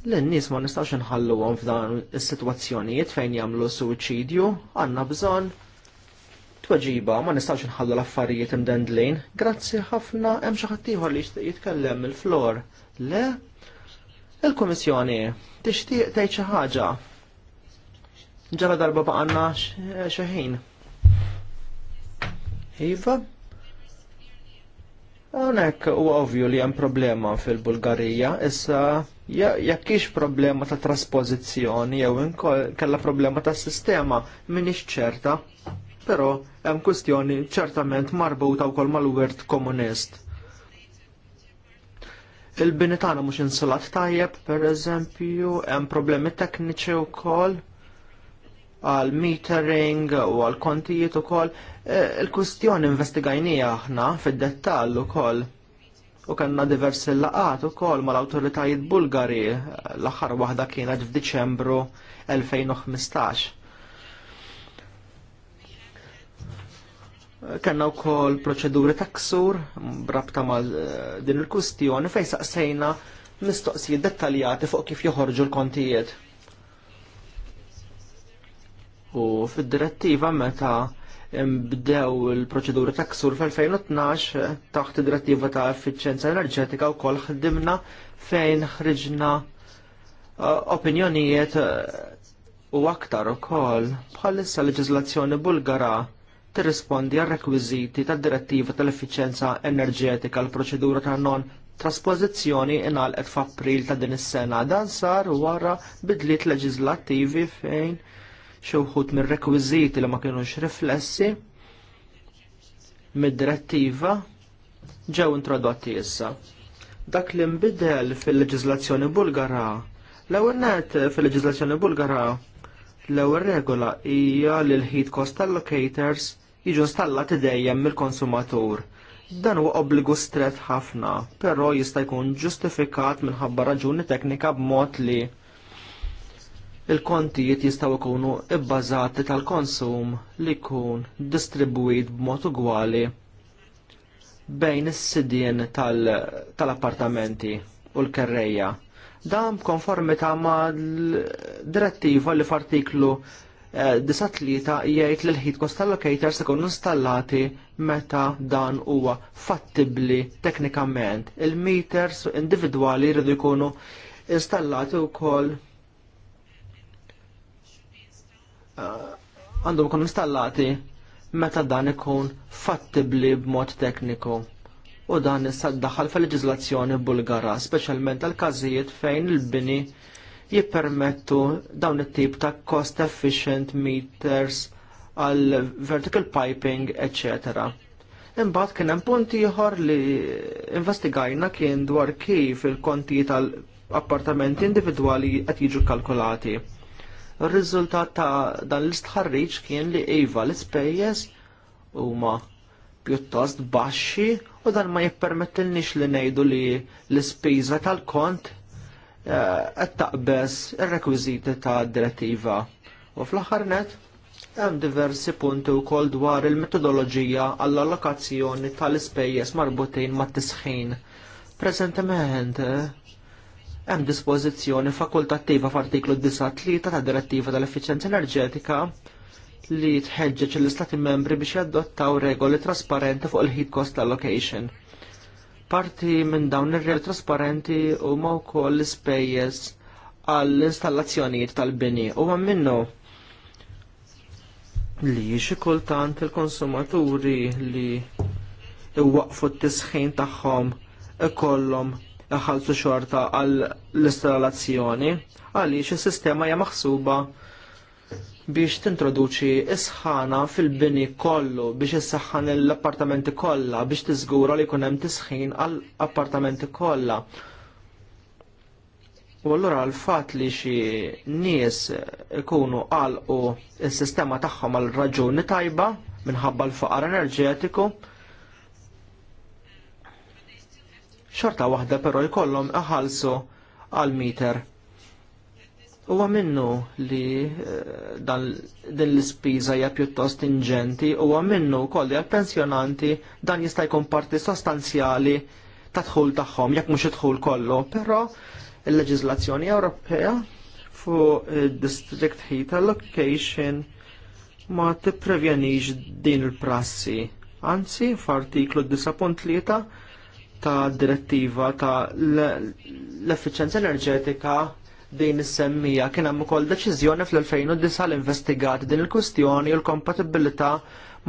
l-nis ma nistax nħallu għom f'dan is-sitwazzjonijiet fejn jagħmlu suwiċidju, għandna bżonn Tweġiba, ma nistax nħallu l-affarijiet imdendlin. Grazzi ħafna, hemm xi ħadd ieħor li jixtieq jitkellem il-flor. Le? Il-Kummissjoni tixtieq tgħid xi ħaġa. Ġara darba għandna xi ħin. Iva? Hawnhekk huwa ovvju li hemm problema fil-Bulgarija, issa jekk kienx problema ta' traspożizzjoni jew kella problema ta' sistema m'iniex ċerta, però hemm kwistjoni ċertament marbuta wkoll mal wirt komunist. Il-bini tagħna mhux insulat tajjeb, pereżempju, hemm problemi tekniċi wkoll għal metering u għal kontijiet ukoll. Eh, il-kwistjoni investigajnija aħna fid-dettall ukoll u kanna diversi laqat u kol ma l-autoritajiet bulgari eh, l-axar wahda kienet f'Diċembru 2015. Kanna u kol proċeduri taksur brabta ma eh, din il-kustjoni fej saqsejna mistoqsijiet dettaljati fuq kif joħorġu l-kontijiet. U fid-direttiva meta' bdew il-proċedura ta' ksur fl-2012 taħt id-direttiva ta' effiċenza enerġetika u kol ħdimna fejn ħriġna eh, opinjonijiet eh, u aktar u kol bħalissa leġizlazzjoni bulgara tirrispondi għal rekwiżiti tad direttiva tal-effiċenza enerġetika l-proċedura ta' non traspożizzjoni inqalqet f'April ta' din is-sena dan sar wara bidliet leġislattivi fejn xi wħud mir-rekwiżiti li ma kinux riflessi mid-direttiva ġew introdotti issa. Dak li nbidel fil-leġiżlazzjoni Bulgara l-ewwel net fil leġizlazzjoni Bulgara l-ewwel regola hija li l-heat cost allocators jiġu installati dejjem mill-konsumatur. Dan huwa obbligu stret ħafna, però jista' jkun ġustifikat minħabba raġuni teknika b'mod li il-kontijiet jistaw ikunu ibbażati tal-konsum li jkun distribwit b'mod ugwali bejn is-sidien tal-appartamenti u l-kerreja. Dan b'konformità ma' direttiva li f'artiklu eh, disatlita jgħid li l-ħid cost tal se jkunu installati meta dan huwa fattibli teknikament. Il-meters individwali rridu jkunu installati wkoll għandhom ikun installati meta dan ikun fattibli b'mod tekniku u dan issa daħal fil leġizlazzjoni Bulgara, speċjalment għal każijiet fejn il-bini jippermettu dawn it-tip ta' cost efficient meters għal vertical piping, etc. Imbagħad kien hemm punt ieħor li investigajna kien dwar kif il-konti tal-appartamenti individwali qed jiġu kalkulati. Ir-riżultat ta' dan l-istħarriġ kien li iva l-ispejjeż huma pjuttost baxxi u dan ma jippermettilniex li ngħidu li l-ispiża tal-kont eh, qed taqbeż ir-rekwiżiti ta' direttiva. U fl-aħħar net hemm diversi punti wkoll dwar il-metodoloġija għall-allokazzjoni tal-ispejjeż marbutin mat-tisħin. Preżentement eh, hemm dispożizzjoni fakultattiva f'artiklu 9.3 ta' direttiva tal-effiċenza enerġetika li tħeġġeġ l-Istati membri biex jadottaw regoli trasparenti fuq il-heat cost allocation. Parti minn dawn ir-regoli trasparenti huma wkoll l-ispejjeż għall-installazzjonijiet tal-bini u għam minnu li xi kultant il-konsumaturi li waqfu t-tisħin tagħhom ikollhom ħalsu xorta għall l-installazzjoni għaliex is-sistema hija maħsuba biex tintroduċi isħana fil-bini kollu biex issaħħan l-appartamenti kollha biex tiżgura li jkun hemm tisħin għall appartamenti kollha. U allura l-fatt li xi nies ikunu qalqu s-sistema tagħhom għal raġuni tajba minħabba l-faqar enerġetiku xorta waħda però jkollhom iħallsu għal meter. Huwa minnu li eh, dan din l-ispiża hija pjuttost inġenti, huwa minnu wkoll għal pensjonanti dan jista' jkun parti sostanzjali ta' dħul tagħhom jekk mhux idħul kollu, però il-leġiżlazzjoni Ewropea fuq district heat allocation ma tipprevjenix din il-prassi. Anzi, f'artiklu 9.3 ta' direttiva ta' l-efficienza enerġetika din is-semmija kien hemm ukoll deċiżjoni fl-2009 l investigat din il-kwistjoni u l-kompatibilità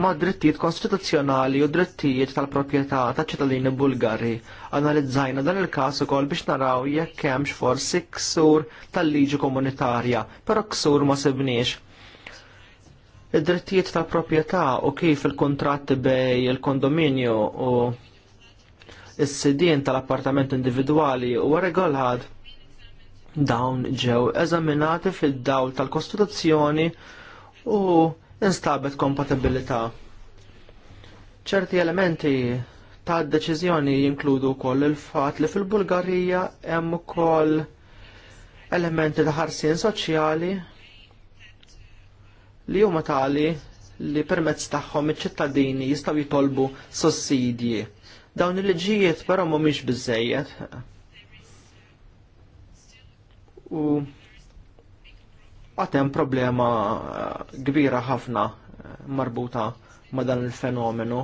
ma' drittijiet konstituzzjonali u drittijiet tal-proprjetà ta' ċittadini Bulgari. Analizzajna dan il-każ ukoll biex naraw jekk hemmx forsi ksur tal-liġi komunitarja, però ksur ma sibniex. Id-drittijiet tal-proprjetà u kif il-kontratti bej il-kondominju u is-sidien tal-appartament individwali huwa regolat dawn ġew eżaminati fid-dawl tal-Kostituzzjoni u instabet kompatibilità. ċerti elementi ta' deċiżjoni jinkludu wkoll il-fatt li fil-Bulgarija hemm ukoll elementi ta' ħarsien soċjali li huma tali li permezz tagħhom iċ-ċittadini jistgħu jitolbu sussidji Dawn il-liġijiet però mhumiex bizzejiet. U għatem problema kbira ħafna marbuta ma' dan il-fenomenu,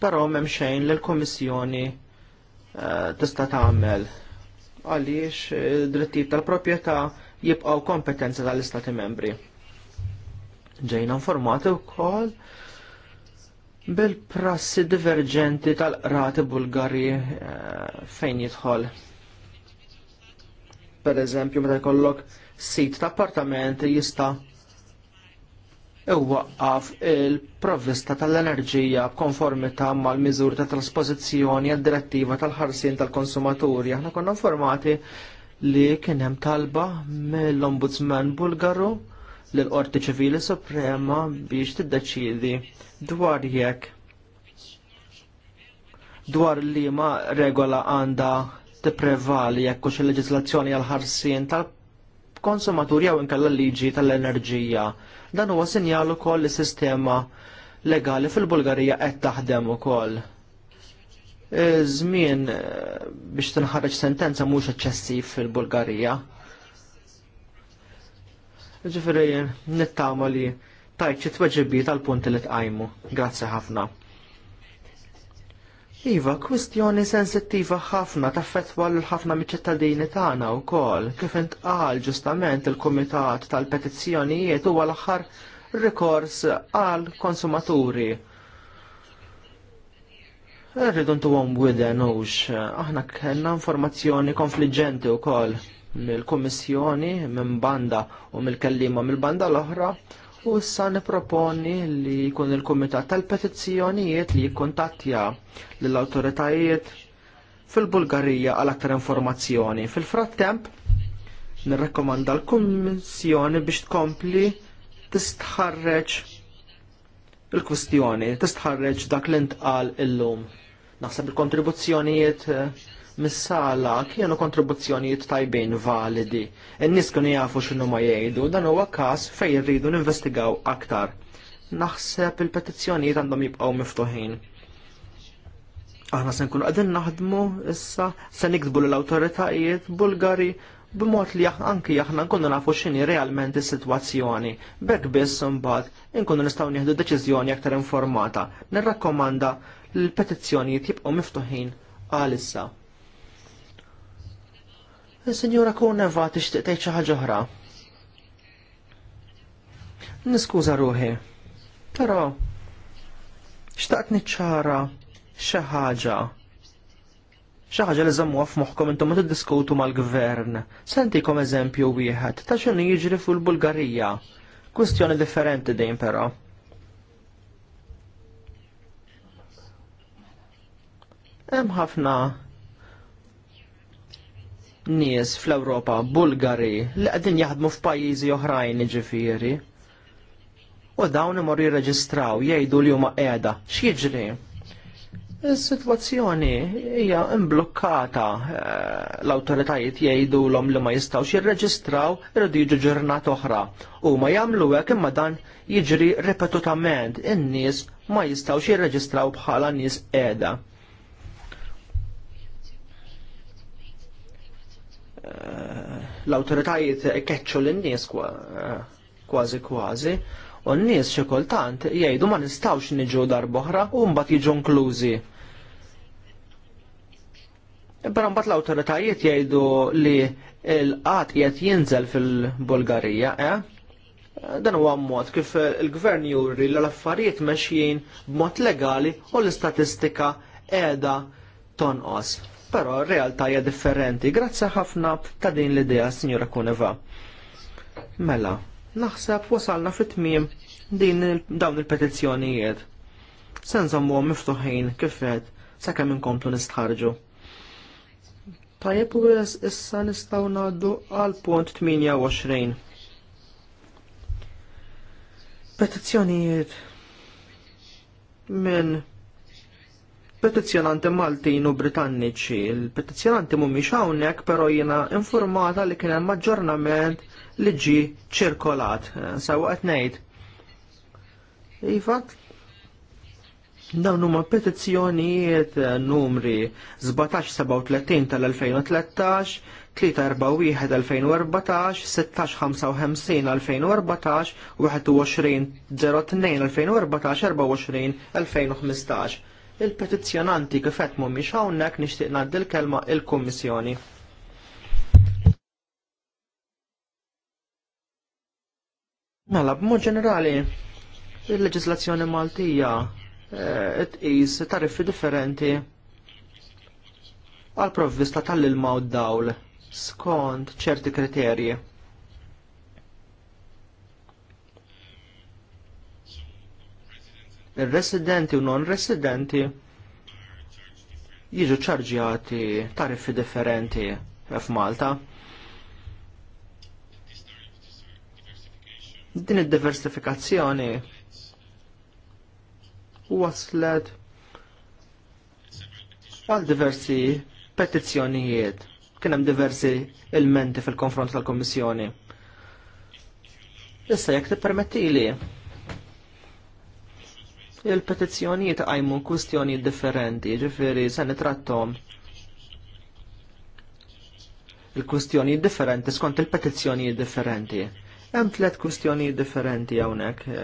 però m'hemm li l-Kummissjoni eh, tista' tagħmel għaliex eh, drittijiet tal-proprjetà jibqgħu kompetenza tal-Istati membri ġejna informati wkoll bil-prassi diverġenti tal-qrati Bulgari eh, fejn jidħol. Per eżempju, meta jkollok sit ta' appartamenti jista' iwaqqaf il-provvista tal-enerġija b'konformità mal-miżur ta' trasposizzjoni għad-direttiva tal-ħarsien tal-konsumaturi. Aħna konna informati li kien hemm talba mill-Ombudsman Bulgaru lill qorti Ċivili Suprema biex tiddeċiedi dwar jekk dwar li ma regola għanda tipprevali jekk hux il-leġislazzjoni għal ħarsien tal-konsumaturi jew inkella liġi tal-enerġija. Dan huwa sinjal ukoll li sistema legali fil-Bulgarija qed taħdem ukoll. E, Żmien e, biex tinħarġ sentenza mhux eċċessiv fil-Bulgarija. Ġifieri nittama li tajt xi weġibbi tal-punti li tqajmu. Grazzi ħafna. Iva, kwistjoni sensittiva ħafna fetwa l-ħafna miċ-ċittadini tagħna wkoll kif intqal ġustament il-Kumitat tal-Petizzjonijiet huwa l-aħħar rikors għal konsumaturi. Rridu ntuhom widen hux, aħna kellna informazzjoni konfliġenti wkoll mill-Kummissjoni minn banda u mill-kellima mill-banda l-oħra U issa niproponi li jkun il-Kumitat tal-Petizzjonijiet li jikkuntattja lill awtoritajiet fil-Bulgarija għal aktar informazzjoni. Fil-frattemp, nirrakkomanda l-Kummissjoni biex tkompli tistħarreġ il-kwistjoni, tistħarreġ dak li ntqal illum. Naħseb il-kontribuzzjonijiet eh, mis-sala kienu kontribuzzjonijiet tajbin validi. In-nies kienu jafu x'inhu ma jgħidu, dan huwa każ fejn rridu ninvestigaw aktar. Naħseb il-petizzjonijiet għandhom jibqgħu miftuħin. Aħna se nkunu qegħdin naħdmu issa se nikdbu l-awtoritajiet Bulgari b'mod li anki aħna nkunu nafu x'inhi realment is-sitwazzjoni. Bekk biss imbagħad inkunu nistgħu nieħdu deċiżjoni aktar informata. Nirrakkomanda l-petizzjonijiet jibqgħu miftuħin għalissa. Il-Sinjora Kuneva tixtieq tgħid xi ħaġa oħra. Niskuża ruħi, però xtaqt niċċara xi ħaġa xi ħaġa li żammuha f'moħħkom intom ma tiddiskutu mal-gvern. Sentikom eżempju wieħed ta' x'inhu jiġri fil-Bulgarija. Kwistjoni differenti dejjem però. Hemm ħafna nies fl-Ewropa Bulgari li qegħdin jaħdmu f'pajjiżi oħrajn jiġifieri. U dawn imorru jirreġistraw jgħidu li huma qiegħda x'jiġri. Is-sitwazzjoni hija mblukkata eh, l-awtoritajiet jgħidulhom li ma jistgħux jirreġistraw irridu jiġu ġurnat oħra. Huma jagħmlu hekk imma dan jiġri ripetutament in-nies ma jistgħux jirreġistraw bħala nies qiegħda. l-autoritajiet keċċu l-nies eh, kważi kważi u n-nies xi kultant jgħidu ma nistgħux niġu darb'oħra u mbagħad jiġu nklużi. Però mbagħad l-awtoritajiet jgħidu li l-qatt qiegħed jinżel fil-Bulgarija, eh? Dan huwa mod kif il-gvern juri l-affarijiet mexjin b'mod legali u l-istatistika qiegħda tonqos però r-realtà hija differenti. Grazzi ħafna ta' din l-idea, Sinjura Kuneva. Mela, naħseb wasalna fit-tmiem din dawn il-petizzjonijiet. Senżammuhom miftuħin kif sa' sakemm inkomplu nistħarġu. Tajjeb u issa nistgħu ngħaddu għal punt 28. Petizzjonijiet minn petizzjonanti Maltin u Britanniċi. Il-petizzjonanti mhumiex hawnhekk, però jiena informata li kien hemm maġġornament li ġi ċirkolat sewwa qed ngħid. Iva, dawn huma petizzjonijiet numri 1737 tal-2013, 341-2014, 16-55-2014, 21-02-2014, 24-2015. Il-petizzjonanti kif qed mhumiex hawnhekk nixtieq ngħaddi l-kelma il-Kummissjoni. Mela, b'mod ġenerali, il-leġislazzjoni Maltija eh, tqis tariffi differenti għal provvista tal-ilma u d-dawl skont ċerti kriterji il-residenti u non-residenti jiġu ċarġjati tariffi differenti f'Malta. Din id-diversifikazzjoni waslet għal diversi petizzjonijiet. Kien hemm diversi elmenti fil-konfront tal-Kommissjoni. Issa jekk tippermettili, il-petizzjonijiet għajmu kustjoni differenti, ġifiri se nitrattom il-kustjoni differenti skont il-petizzjoni differenti. Hemm tliet kustjoni differenti hawnhekk eh,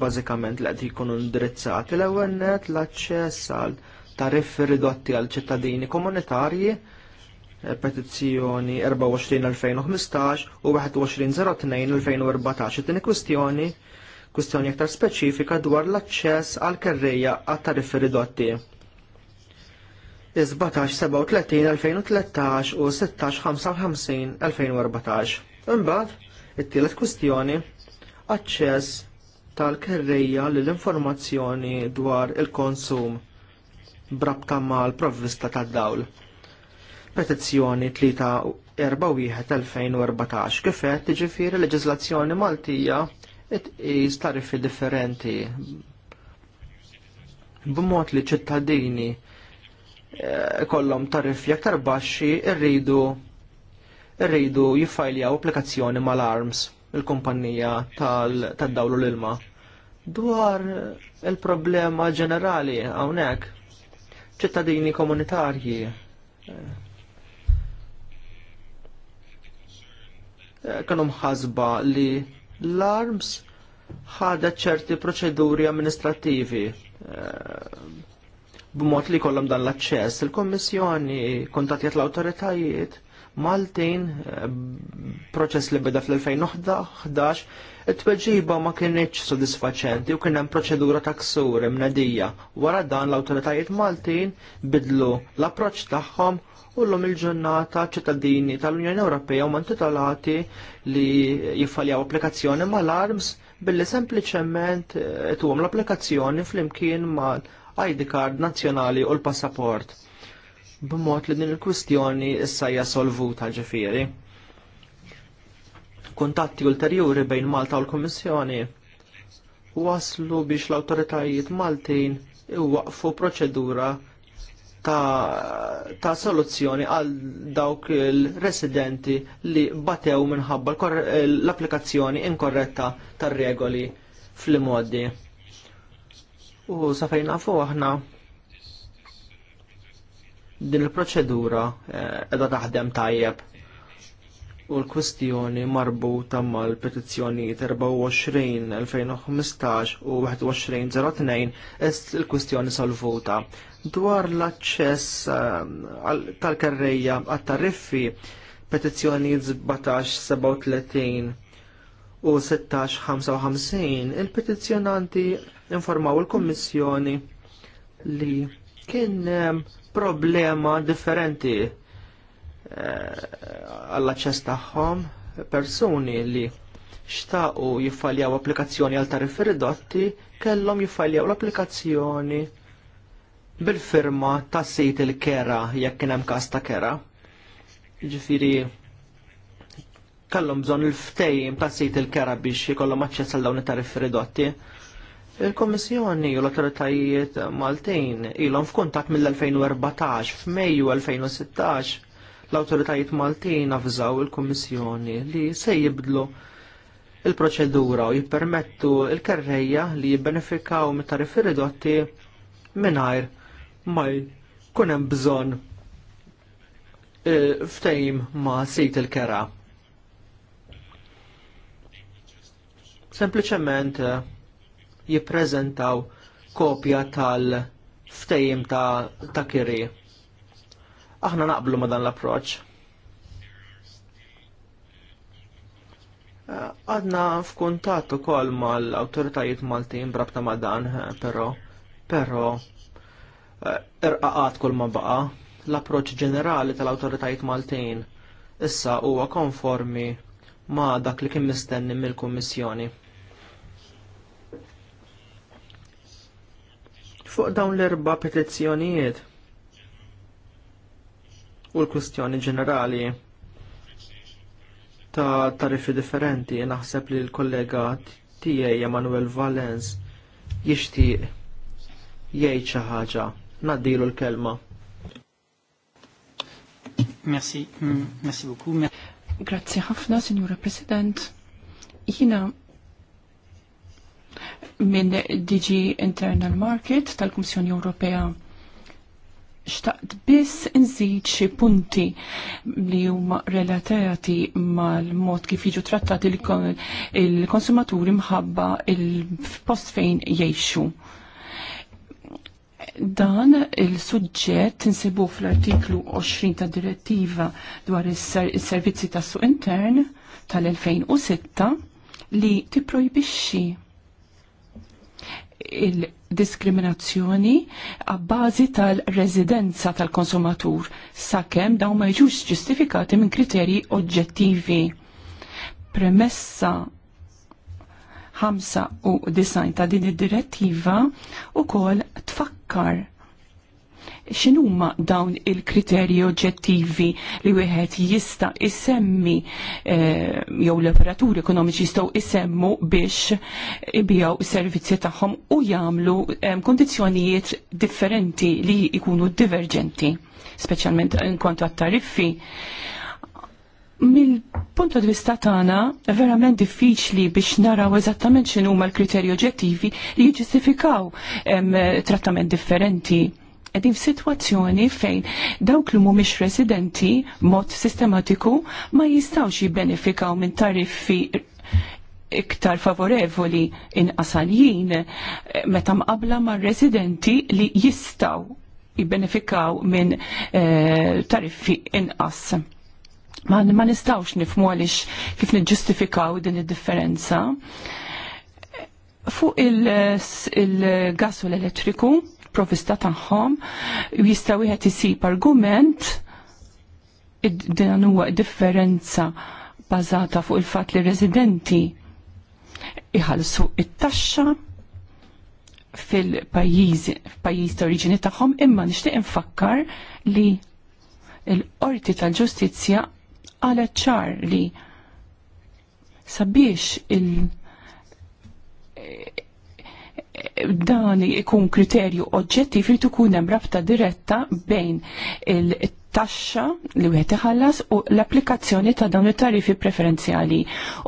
bażikament li qed jkunu indirizzati l-ewwel net l-aċċess għal tariffi ridotti għal ċittadini komunitarji eh, petizzjoni 24-2015 u 21-02-2014. Tini kwistjoni kwistjoni aktar speċifika dwar l-aċċess għal kerrejja għat tariffi ridotti. Is-17-37-2013 u 16-55-2014. Imbagħad it-tielet kwistjoni aċċess tal-kerrejja lill-informazzjoni dwar il-konsum brabta mal provvista tad-dawl. Petizzjoni 3 4-1-2014 kifet ġifiri leġizlazzjoni Maltija it tariffi differenti b'mod li ċittadini eh, kollom tariffi aktar baxxi irridu irridu jiffajljaw applikazzjoni mal-ARMS il-kumpanija tal-dawlu l-ilma. Dwar il-problema ġenerali hawnhekk, ċittadini komunitarji. Eh, eh, kienu ħasba li l-arms ħadet ċerti proċeduri amministrativi eh, b'mod li kollhom dan l-aċċess. Il-Kommissjoni kontatjat l-awtoritajiet Maltin eh, proċess li beda fl-2011 it-tweġiba ma kienieċ sodisfaċenti u kien hemm proċedura ta' ksur imnedija. Wara dan l-awtoritajiet Maltin bidlu l-approċċ tagħhom ullum il-ġurnata ċittadini tal-Unjoni Ewropea u mantitolati li jiffaljaw applikazzjoni mal-arms billi sempliċement eh, tuħom l-applikazzjoni fl-imkien mal-ID card nazjonali u l-passaport. B'mod li din il-kwistjoni issa hija solvuta ġifieri. Kuntatti ulterjuri bejn Malta u l-Kummissjoni waslu biex l-awtoritajiet Maltin iwaqfu proċedura ta', ta soluzzjoni għal dawk il-residenti li batew minħabba l-applikazzjoni inkorretta tar regoli fl-modi. U safajna fu aħna din il-proċedura eh, edha taħdem tajjeb u l-kwistjoni marbuta mal-petizzjoni 24-2015 u 21-02 est il-kwistjoni salvuta dwar l-aċċess eh, tal karreja għat-tariffi petizzjoni 1737 u 1655 il-petizzjonanti informaw il-Kommissjoni li kien eh, problema differenti eh, għall-aċċess tagħhom persuni li xtaqu jiffaljaw applikazzjoni għal tariffi ridotti kellhom jiffaljaw l-applikazzjoni bil-firma ta' sejt il-kera jekk kien hemm każ ta' kera. Ġifieri kellhom bżonn il-ftejim ta' sejt il-kera biex jkollhom aċċess għal dawn it-tariffi ridotti. Il-Kommissjoni u l-Autoritajiet Maltin ilhom f'kuntatt mill-2014 f'Mejju 2016 l-Autoritajiet Maltin avżaw il kummissjoni li se jibdlu il-proċedura u jippermettu il kerreja li jibbenefikaw mit-tariffi ridotti mingħajr ma jkun hemm bżonn e, ftehim ma sejt il-kera. Sempliċement e, jippreżentaw kopja tal-ftejim ta', ta kiri. Aħna naqblu ma dan l-approċ. E, għadna f'kuntattu kol mal-autoritajiet Maltin brabta ma dan, pero, pero irqaqat kull ma baqa. L-approċ ġenerali tal-awtoritajiet Maltin issa huwa konformi ma' dak li kien mistenni mill-Kummissjoni. Fuq dawn l-erba' petizzjonijiet u l-kwistjoni ġenerali ta' tariffi differenti naħseb li l-kollega tiegħi Emanuel Valens jixtieq jgħid xi ħaġa naddilu l-kelma. Merci, mm, merci beaucoup. Grazie ħafna, Signora President. Jina minn DG Internal Market tal kumissjoni Ewropea xtaqt biss nżid xi punti li huma relatati mal-mod kif jiġu trattati il-konsumaturi mħabba il-post fejn jgħixu. Dan il-suġġett insibu fl-artiklu 20 ta' direttiva dwar is-servizzi tas suq intern tal-2006 li tipprojbixxi il-diskriminazzjoni għabbażi tal-residenza tal-konsumatur sakemm dawn ma jiġux ġustifikati minn kriterji oġġettivi. Premessa 95 u ta' din id-direttiva u kol tfakka Kar, x'inhuma dawn il-kriterji oġġettivi li wieħed jista' isemmi eh, jew l-operaturi ekonomiċi jistgħu isemmu biex ibijaw servizzi tagħhom u jagħmlu eh, kondizzjonijiet differenti li jkunu diverġenti, speċjalment inkontu għat-tariffi mill punt di vista tagħna verament diffiċli biex naraw eżattament x'inhu huma l-kriterji oġġettivi li jiġġustifikaw trattament differenti. Qegħdin f'sitwazzjoni fejn dawk li mhumiex residenti mod sistematiku ma jistgħux jibbenefikaw minn tariffi iktar favorevoli inqasaljin meta mqabla ma' residenti li jistaw jibbenefikaw minn eh, tariffi inqas ma, ma nistawx nifmu għalix kif nġustifikaw din id-differenza. Fuq il gasu il u l-elettriku, provista tagħhom, jista' wieħed isib argument din huwa differenza bażata fuq il-fatt li residenti iħalsu it-taxxa fil pajjiż ta' oriġini tagħhom imma nixtieq infakkar li l qorti tal-Ġustizzja għala ċar li sabiex il- dan ikun kriterju oġġettiv li tkun hemm rabta diretta bejn il-taxxa li wieħed iħallas u l-applikazzjoni ta' dawn it-tarifi preferenzjali.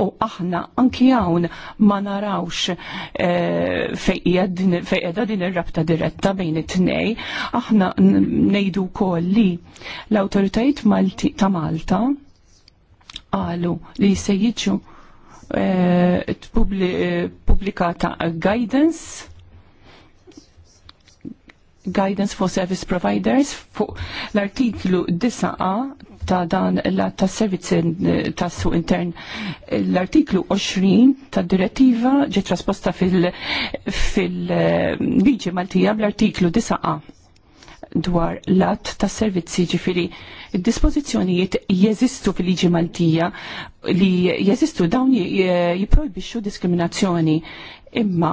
U aħna anki hawn ma narawx eh, fejn qiegħda din ir-rabta diretta bejn it-tnej, aħna ngħidu wkoll li l-awtoritajiet ta' Malta qalu li se jiġu eh, guidance guidance for service providers fuq l-artiklu 9a ta' dan la ta' servizzi eh, ta' su intern. L-artiklu 20 ta' direttiva ġi trasposta fil-liġi fil, eh, Maltija bl-artiklu 9a dwar l-att ta' servizzi ġifiri. Dispozizjonijiet jeżistu fil-liġi Maltija li jeżistu dawn jiprojbixxu diskriminazzjoni imma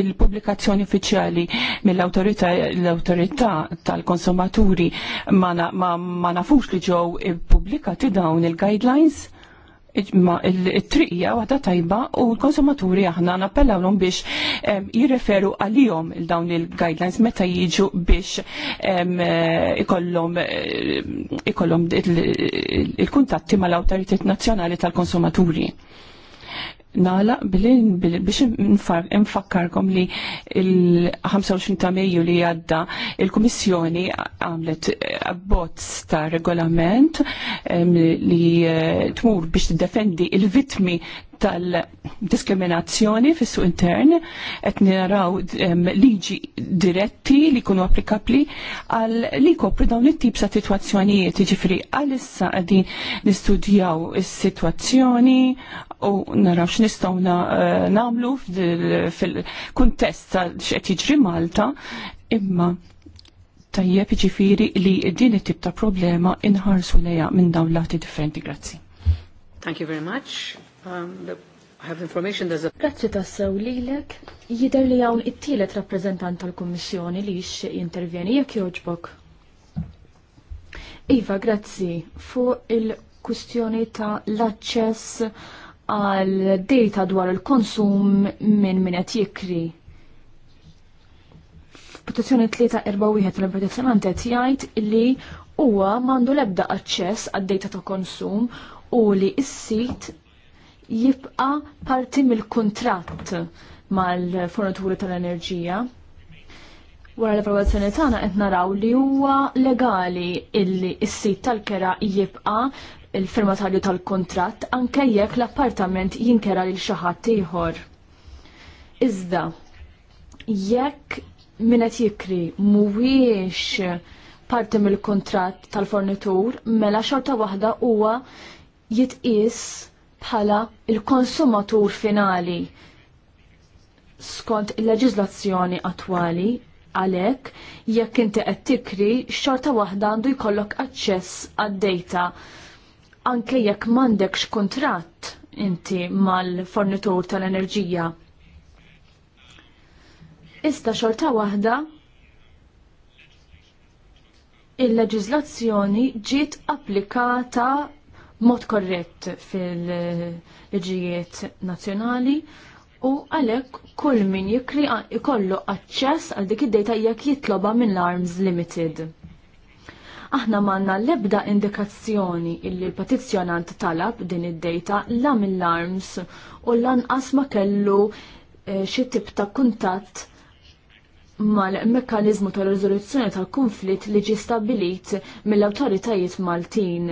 il-publikazzjoni uffiċjali mill-autorità tal-konsumaturi ma, nafux li ġew ippubblikati dawn il-guidelines imma il-triqija waħda tajba u l-konsumaturi aħna nappellawlhom biex jirreferu għalihom dawn il-guidelines meta jiġu biex ikollhom ikollhom il-kuntatti mal-awtoritiet nazzjonali tal-konsumaturi nala biex nfakkarkom li il-25 ta' Mejju li għadda il-Kummissjoni għamlet eh, abbozz ta' regolament ehm, li eh, tmur biex tiddefendi il-vitmi tal-diskriminazzjoni fis-suq intern qed naraw liġi diretti li jkunu applikabbli għal li kopri dawn it-tip sa' sitwazzjonijiet, jiġifieri għalissa qegħdin nistudjaw is-sitwazzjoni u naraw x'nistgħu nagħmlu eh, fil-kuntest ta' x'qed jiġri Malta, imma tajjeb ġifiri li din it-tip ta' problema inħarsu leja minn dawn lati differenti. Grazzi. Thank you very much. Um, grazzi tassew lilek, jider li hawn it-tielet rappresentant tal-Kummissjoni li jixxieq jintervjeni jekk jogħġbok. Iva, grazzi. Fuq il-kustjoni ta' l-aċċess għal data dwar il-konsum minn min qed jikri. F'potezzjoni 341 tal-petizzjonant qed jgħid li huwa m'għandu l-ebda aċċess għad-data ta' konsum u li s-sit jibqa parti mill-kontratt mal-fornituri tal-enerġija. Wara l evaluazzjoni tagħna qed naraw li huwa legali illi s-sit tal-kera jibqa' il-firmatarju tal-kontratt anke jekk l-appartament jinkera lil xi ħadd ieħor. Iżda jekk min qed jikri mhuwiex parti mill-kontratt tal-fornitur mela xorta waħda huwa jitqies bħala il-konsumatur finali skont il-leġizlazzjoni attwali għalek jekk inti qed tikri xorta waħda għandu jkollok aċċess għad-data anke jekk m'għandekx kuntratt inti mal-fornitur tal-enerġija. Iżda xorta waħda il-leġizlazzjoni ġiet applikata mod korrett fil-liġijiet nazzjonali u għalhekk kull min jikri jikollu aċċess għal dik id-data jekk jitloba minn l-Arms Limited. Aħna manna l-ebda indikazzjoni illi l-petizzjonant talab din id-data la l arms u lanqas ma kellu eh, xi tip ta' kuntatt mal-mekkanizmu tal-riżoluzzjoni tal-konflitt li ġi stabilit mill-awtoritajiet Maltin.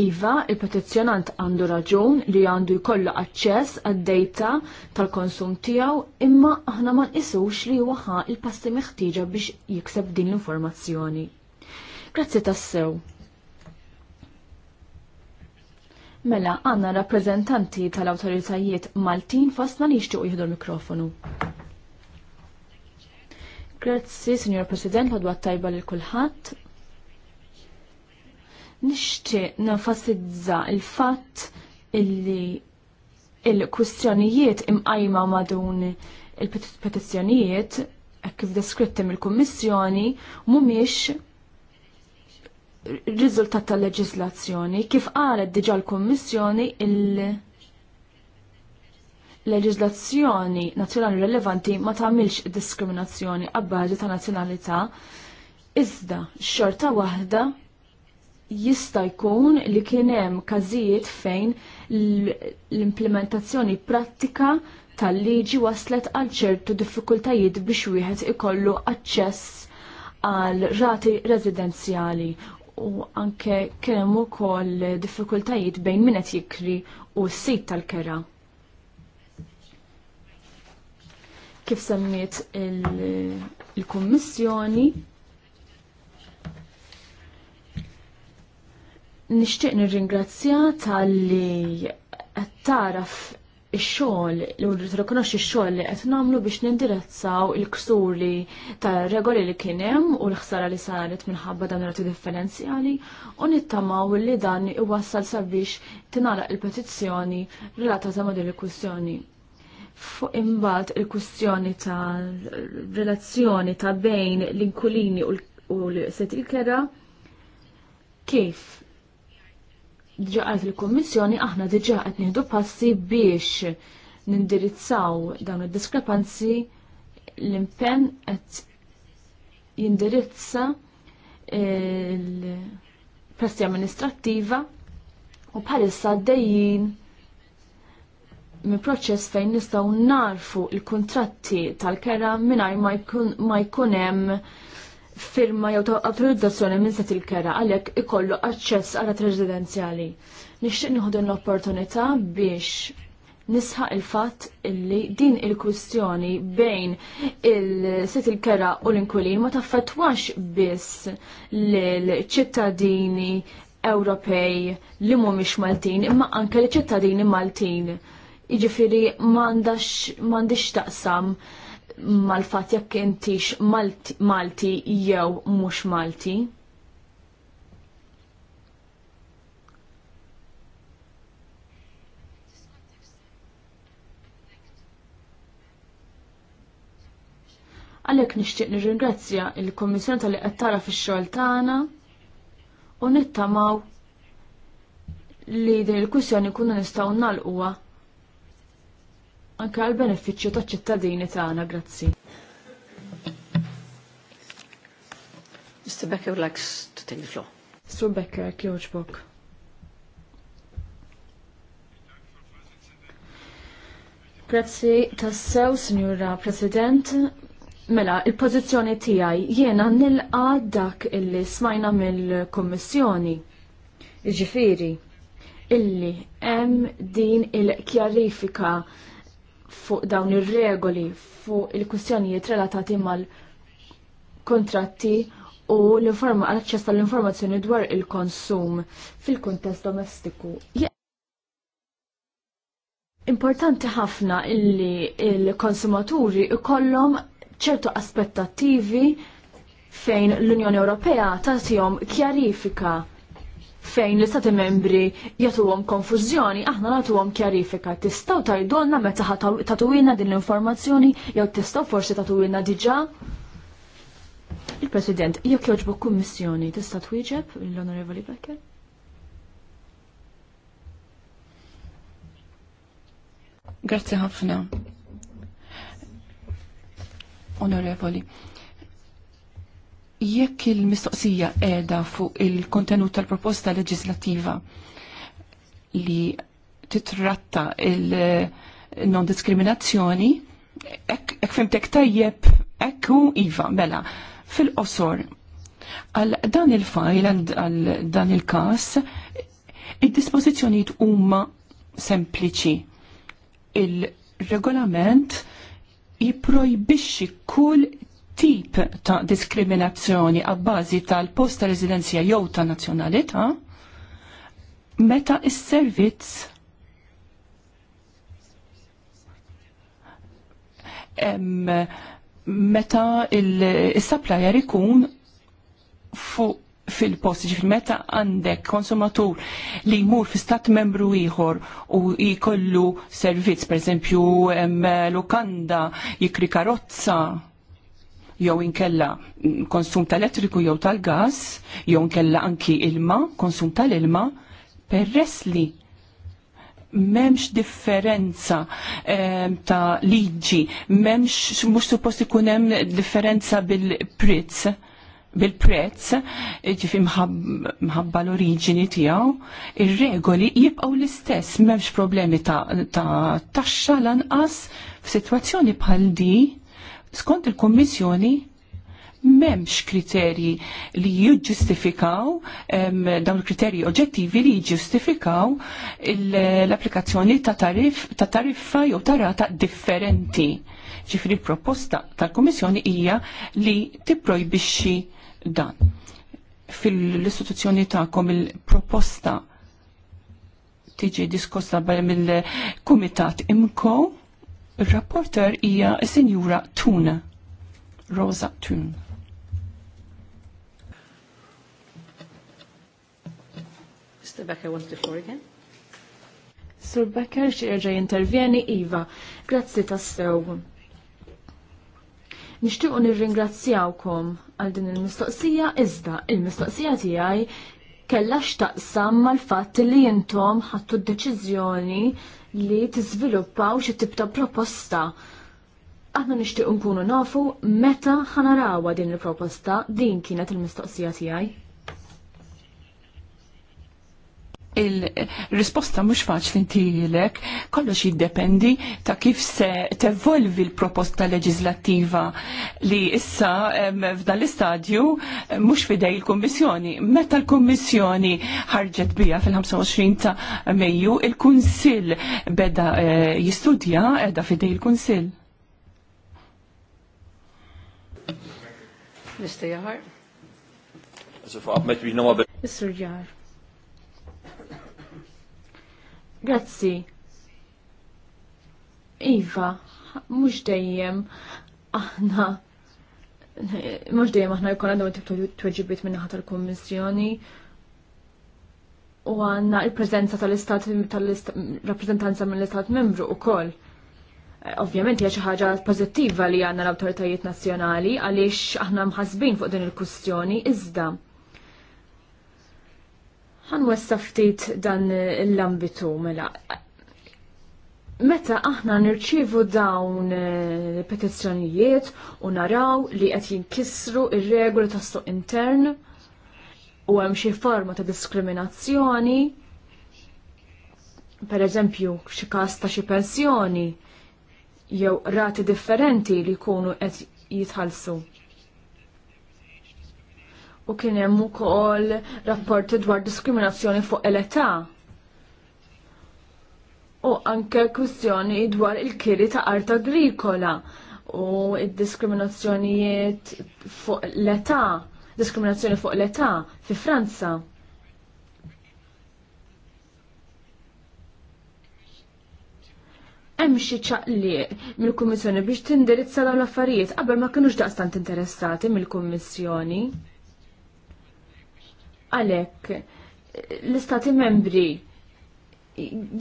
Iva, il-petizzjonant għandu raġun li għandu jkollu aċċess għad-dejta tal-konsum tiegħu, imma aħna ma nqisux li waha il pasti meħtieġa biex jikseb din l-informazzjoni. Grazzi tassew. Mela, għanna rappresentanti tal-autoritajiet Maltin fasna li jixtiequ jieħdu l-mikrofonu. Grazzi, Signor President, għadwa tajba l kulħadd. Nixtieq nenfasizza il-fatt illi il-kwistjonijiet imqajma madun il-petizzjonijiet kif deskritti mill-Kummissjoni mhumiex riżultat tal-leġislazzjoni kif qalet diġà l kommissjoni il leġislazzjoni nazzjonali rilevanti ma tagħmilx diskriminazzjoni għabbaġi ta' nazzjonalità iżda xorta waħda jista' jkun li kien hemm każijiet fejn l-implementazzjoni prattika tal-liġi waslet għal ċertu diffikultajiet biex wieħed ikollu aċċess għal rati residenzjali u anke kien hemm ukoll diffikultajiet bejn min qed jikri u s-sit tal-kera. Kif semmiet il-Kummissjoni il kummissjoni nixtieq nirringrazzja tal-li qed taraf ix-xogħol u tirrikonoxxi x-xogħol li qed nagħmlu biex nindirazzaw il-ksur li tar-regoli li kien hemm u l-ħsara li saret minħabba dan rati differenzjali u nittamaw li dan iwassal sabiex tingħalaq il-petizzjoni relatata ma' din il-kwistjoni fuq imbagħad il kussjoni ta' relazzjoni ta' bejn l-inkulini u l-set il-kera kif ġaqat il-Kommissjoni aħna diġa qed nieħdu passi biex nindirizzaw dawn id-diskrepanzi l-impenn qed jindirizza il pressi amministrattiva u bħalissa għaddejjin mi proċess fejn nistgħu narfu il-kuntratti tal-kera mingħajr ma jkun hemm firma jew ta' autorizzazzjoni minn se tilkera għalhekk ikollu aċċess għal residenzjali. Nixtieq nieħdu l-opportunità biex nisħaq il-fatt illi din il-kwistjoni bejn il-sit il-kera u l-inkulin ma taffetwax biss l-ċittadini Ewropej li mhumiex Maltin, imma anke l-ċittadini Maltin. Iġifiri m'għandix taqsam mal-fat jekk intix Malti, Malti jew mhux Malti. Għalhekk nixtieq nirringrazzja il kummissjoni tal-li qed tara fix-xogħol tagħna u nittamaw li din il-kwissjoni kuna nistgħu nagħlquha anke għal benefiċċju taċ-ċittadini tagħna, grazzi. Mr. Becker likes to take the floor. Mr. Becker, kjoġbok. Grazzi tassew, Signora President. Mela, il-pozizjoni tiegħi jiena nilqa dak illi smajna mill-Kommissjoni. Ġifiri, illi hemm din il-kjarifika il kjarifika fuq dawn ir-regoli fuq il-kwistjonijiet relatati mal-kontratti u l-informa aċċess tal-informazzjoni dwar il-konsum fil-kuntest domestiku. Importanti ħafna illi il-konsumaturi ikollhom ċertu aspettattivi fejn l-Unjoni Ewropea tagħtihom kjarifika fejn li stati membri jagħtuhom konfużjoni, aħna nagħtuhom kjarifika. Tistgħu tajdonna meta tatuwina din l-informazzjoni jew tistaw forsi tatuwina diġà? Il-President, jekk kjoġbu kummissjoni, tista' twieġeb l-Onorevoli Becker? Grazzi ħafna. Onorevoli jekk il-mistoqsija qiegħda fuq il-kontenut tal-proposta leġislattiva li titratta il-non-diskriminazzjoni, hekk fimtek tajjeb, hekk hu iva, mela, fil-qosor. Għal dan il-fajl, għal dan il-kas, id-dispożizzjonijiet huma sempliċi. Il-regolament jipprojbixxi kull tip ta' diskriminazzjoni għabbażi tal-post ta' residenzja jew ta' nazzjonalità meta is-servizz meta il-supplier ikun fuq fil-post, meta għandek konsumatur li jmur fi stat membru ieħor u jkollu servizz, per eżempju, lukanda, jikri karozza, jew inkella konsum tal-elettriku jew tal-gas, jew inkella anki ilma, konsum tal-ilma, peress li memx differenza ehm, ta' liġi, memx mux suppost ikun hemm differenza bil-prezz bil-prezz, ġifi mħabba l origini tijaw, ir-regoli jibqaw l-istess, memx problemi ta' taxxa lanqas f'sitwazzjoni bħal di skont il-Kommissjoni memx kriterji li jiġġustifikaw dawn il-kriterji oġettivi li jiġġustifikaw l-applikazzjoni ta' tarif, ta' tariffa jew tarata differenti. Ġifri proposta tal kommissjoni hija li tipprojbixxi dan. Fil-istituzzjoni tagħkom il-proposta tiġi diskosta mill-Kumitat IMCO Il-rapporter hija s-Sinjura Tuna, Rosa Tun. Mr. Becker wants the floor again. Sur Becker xirġa jintervjeni Iva. Grazzi tassew. Nishtiqu nirringrazzjawkom għal din il-mistoqsija iżda il-mistoqsija tiegħi kellha x'taqsam mal-fatt li intom ħadtu d-deċiżjoni li tiżviluppaw xi tip ta' proposta. Aħna nixtieq nkunu nafu meta ħanarawa din il-proposta, din kienet il-mistoqsija tiegħi. il-risposta mhux faċli intilek, kollox jiddependi ta' kif se tevolvi l-proposta leġislattiva li issa f'dan l-istadju mhux fidej il-Kummissjoni. Meta l-Kummissjoni ħarġet bija fil-25 ta' Mejju, il-Kunsill beda eh, jistudja edha fidej il-Kunsill. Mr. Jahar? Mr. Jahar. Grazzi. Iva, mhux dejjem aħna mhux dejjem aħna jkun għandhom tip tweġibit minn naħa tal-Kummissjoni u għanna il-prezenza tal-istat tal-rappresentanza mill-istat membru u koll. Ovvjament hija xi ħaġa pożittiva li għandna l-awtoritajiet nazzjonali għaliex aħna mħasbin fuq din il-kustjoni iżda Għan ftit dan l-ambitu mela. Meta aħna nirċivu dawn eh, petizzjonijiet u naraw li qed jinkisru ir-regoli ta' suq intern u hemm xi forma ta' diskriminazzjoni, per eżempju xi każ ta' xi pensjoni jew rati differenti li jkunu qed jitħallsu u kien hemm ukoll rapporti dwar diskriminazzjoni fuq l-età. U anke kwistjoni dwar il-kiri ta' art agrikola u id-diskriminazzjonijiet fuq l-età, diskriminazzjoni fuq l-età fi Franza. hemm xi ċaqliq mill-Kummissjoni biex tindirizza dawn l-affarijiet qabel ma kinux daqstant interessati mill-Kummissjoni. Għalhekk l-istati membri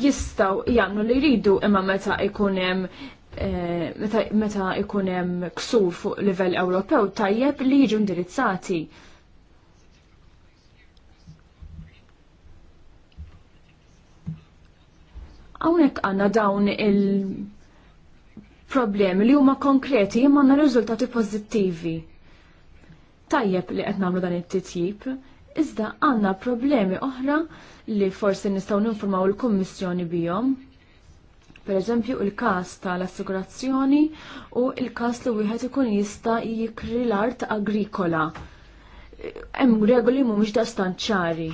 jistaw jagħmlu li jridu imma meta ikunem hemm eh, meta, meta ikunem ksur fuq livell Ewropew tajjeb li jiġu indirizzati. Hawnhekk għandna dawn il-problemi li huma konkreti imma għandna riżultati pożittivi. Tajjeb li qed nagħmlu dan it-titjib Iżda għanna problemi oħra li forsi nistaw ninformaw il-Kummissjoni bijom. Per eżempju, il-kas tal-assigurazzjoni u il-kas li wieħed ikun jista' jikri l-art agrikola. Hemm regoli mhumiex daqstant ċari.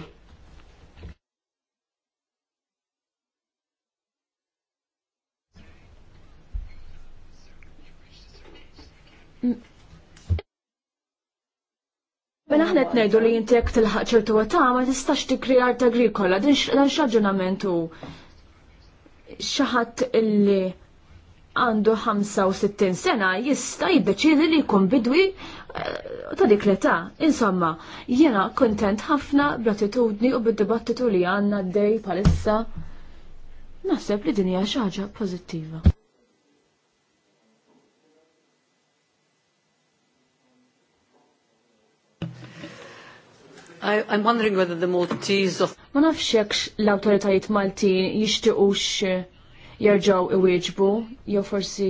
Mm. Mela aħna qed ngħidu li inti jekk tilħaq ċertu età ma tistax tikri art agrikola, dan x'aġġunament hu xi ħadd illi għandu 65 sena jista' jiddeċiedi li jkun bidwi eh, ta' dik l-età. Insomma, jiena kontent ħafna bl-attitudni u bid-dibattitu li għandna d-dej palissa. Naħseb li dinja xi ħaġa pożittiva. I'm wondering whether the Maltese of... Ma nafx jekk l-autoritajiet Maltin jishtiqux eh, jarġaw iwieġbu, jew forsi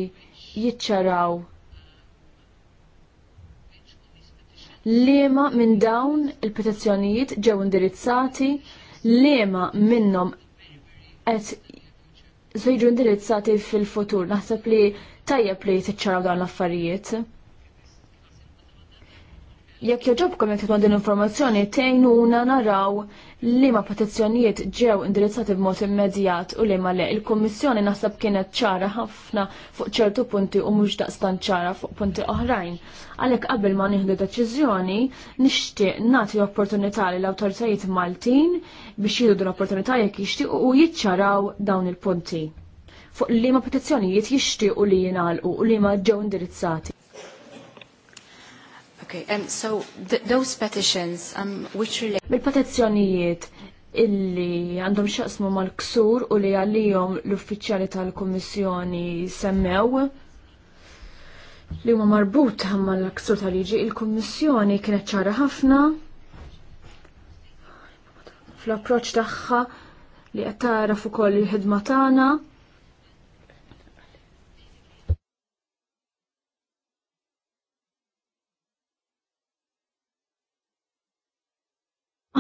jiċċaraw Liema minn dawn il-petizzjonijiet ġew indirizzati, liema minnhom qed se jiġu indirizzati fil-futur. Naħseb li tajjeb li jitċaraw dawn l-affarijiet. Jekk joġobkom jekk titwan din informazzjoni tgħinuna naraw li ma petizzjonijiet ġew indirizzati b'mod immedjat u li ma le il-Kummissjoni naħseb kienet ċara ħafna fuq ċertu punti u mhux daqstan ċara fuq punti oħrajn. Għalhekk qabel ma nieħdu deċiżjoni nixtieq nagħti opportunità l awtoritajiet Maltin biex jieħdu din opportunità jekk jixtiequ u jiċċaraw dawn il-punti fuq li ma petizzjonijiet jixtiequ li jingħalqu u li ma ġew indirizzati. Okay, um, so th those petitions, um, which relate... Bil-petizzjonijiet illi għandhom xaqsmu mal-ksur u li għallijom l-uffiċjali tal-Kommissjoni semmew li huma marbut għamma l-ksur tal-liġi, il-Kommissjoni kienet ċara ħafna fl-approċ tagħha li qed fuq ukoll il-ħidma tagħna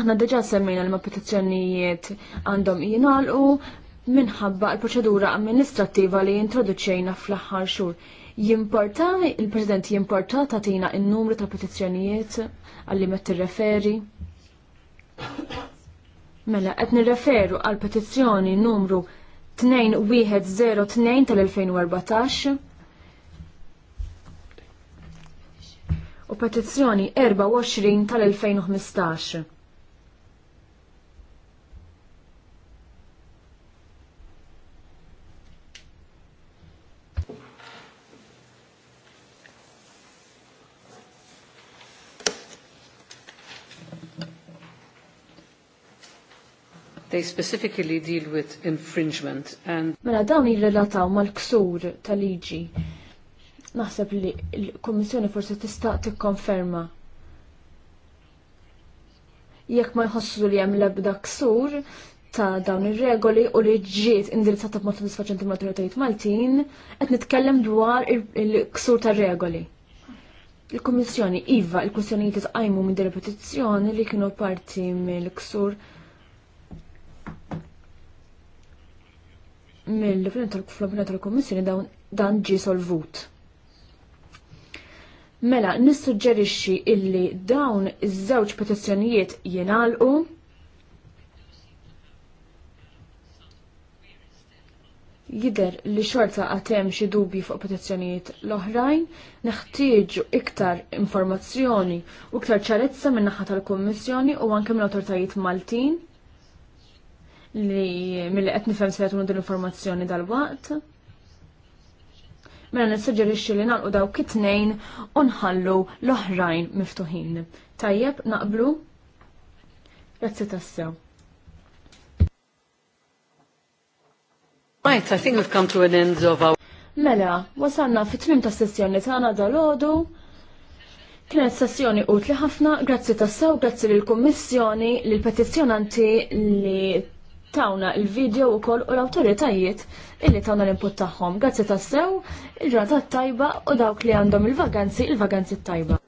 Aħna diġa semmejna l petizzjonijiet għandhom jingħalqu minħabba l-proċedura amministrattiva li jintroduċejna fl-aħħar xhur. Jimporta, il-President jimporta tatina il-numru ta' petizzjonijiet għalli met referi Mela, qed nirreferu għal petizzjoni numru 2102 tal-2014 u petizzjoni 24 tal-2015. They specifically deal with infringement and Mela dawn jirrelataw mal-ksur tal-liġi. Naħseb li l-Kummissjoni forsi tista' tikkonferma jekk ma jħossu li hemm l-ebda ksur ta' dawn ir-regoli u li ġiet indirizzata b'mod sodisfaċenti mal-autoritajiet Maltin, qed nitkellem dwar il-ksur tar-regoli. Il-Kummissjoni iva, il-kwistjonijiet li tqajmu minn repetizzjoni li kienu parti mill-ksur mill-opinjoni tal-Kummissjoni dan ġi solvut. Mela, nissuġġerixxi illi dawn iż-żewġ petizzjonijiet jingħalqu jider li xorta għatem xi dubi fuq petizzjonijiet l-oħrajn, neħtieġu iktar informazzjoni u iktar ċarezza minn naħa tal-Kummissjoni u anke mill-awtoritajiet Maltin li mill qed nifhem se jagħtuna l informazzjoni dal-waqt. Mela nissuġġerixxi li nagħlqu dawk it-tnejn u nħallu l-oħrajn miftuħin. Tajjeb naqblu? Grazzi tassew. Right, I think we've come to an end of our... Mela, wasalna fit-tmim ta' sessjoni tagħna dal-għodu. Kienet sessjoni utli ħafna, grazzi tassew, grazzi lill kummissjoni lill petizzjonanti li tawna il-video u koll u l-autoritajiet illi tawna l-input taħħom. Grazzi tassew, il-ġurnata tajba u dawk li għandhom il-vaganzi, il-vaganzi tajba.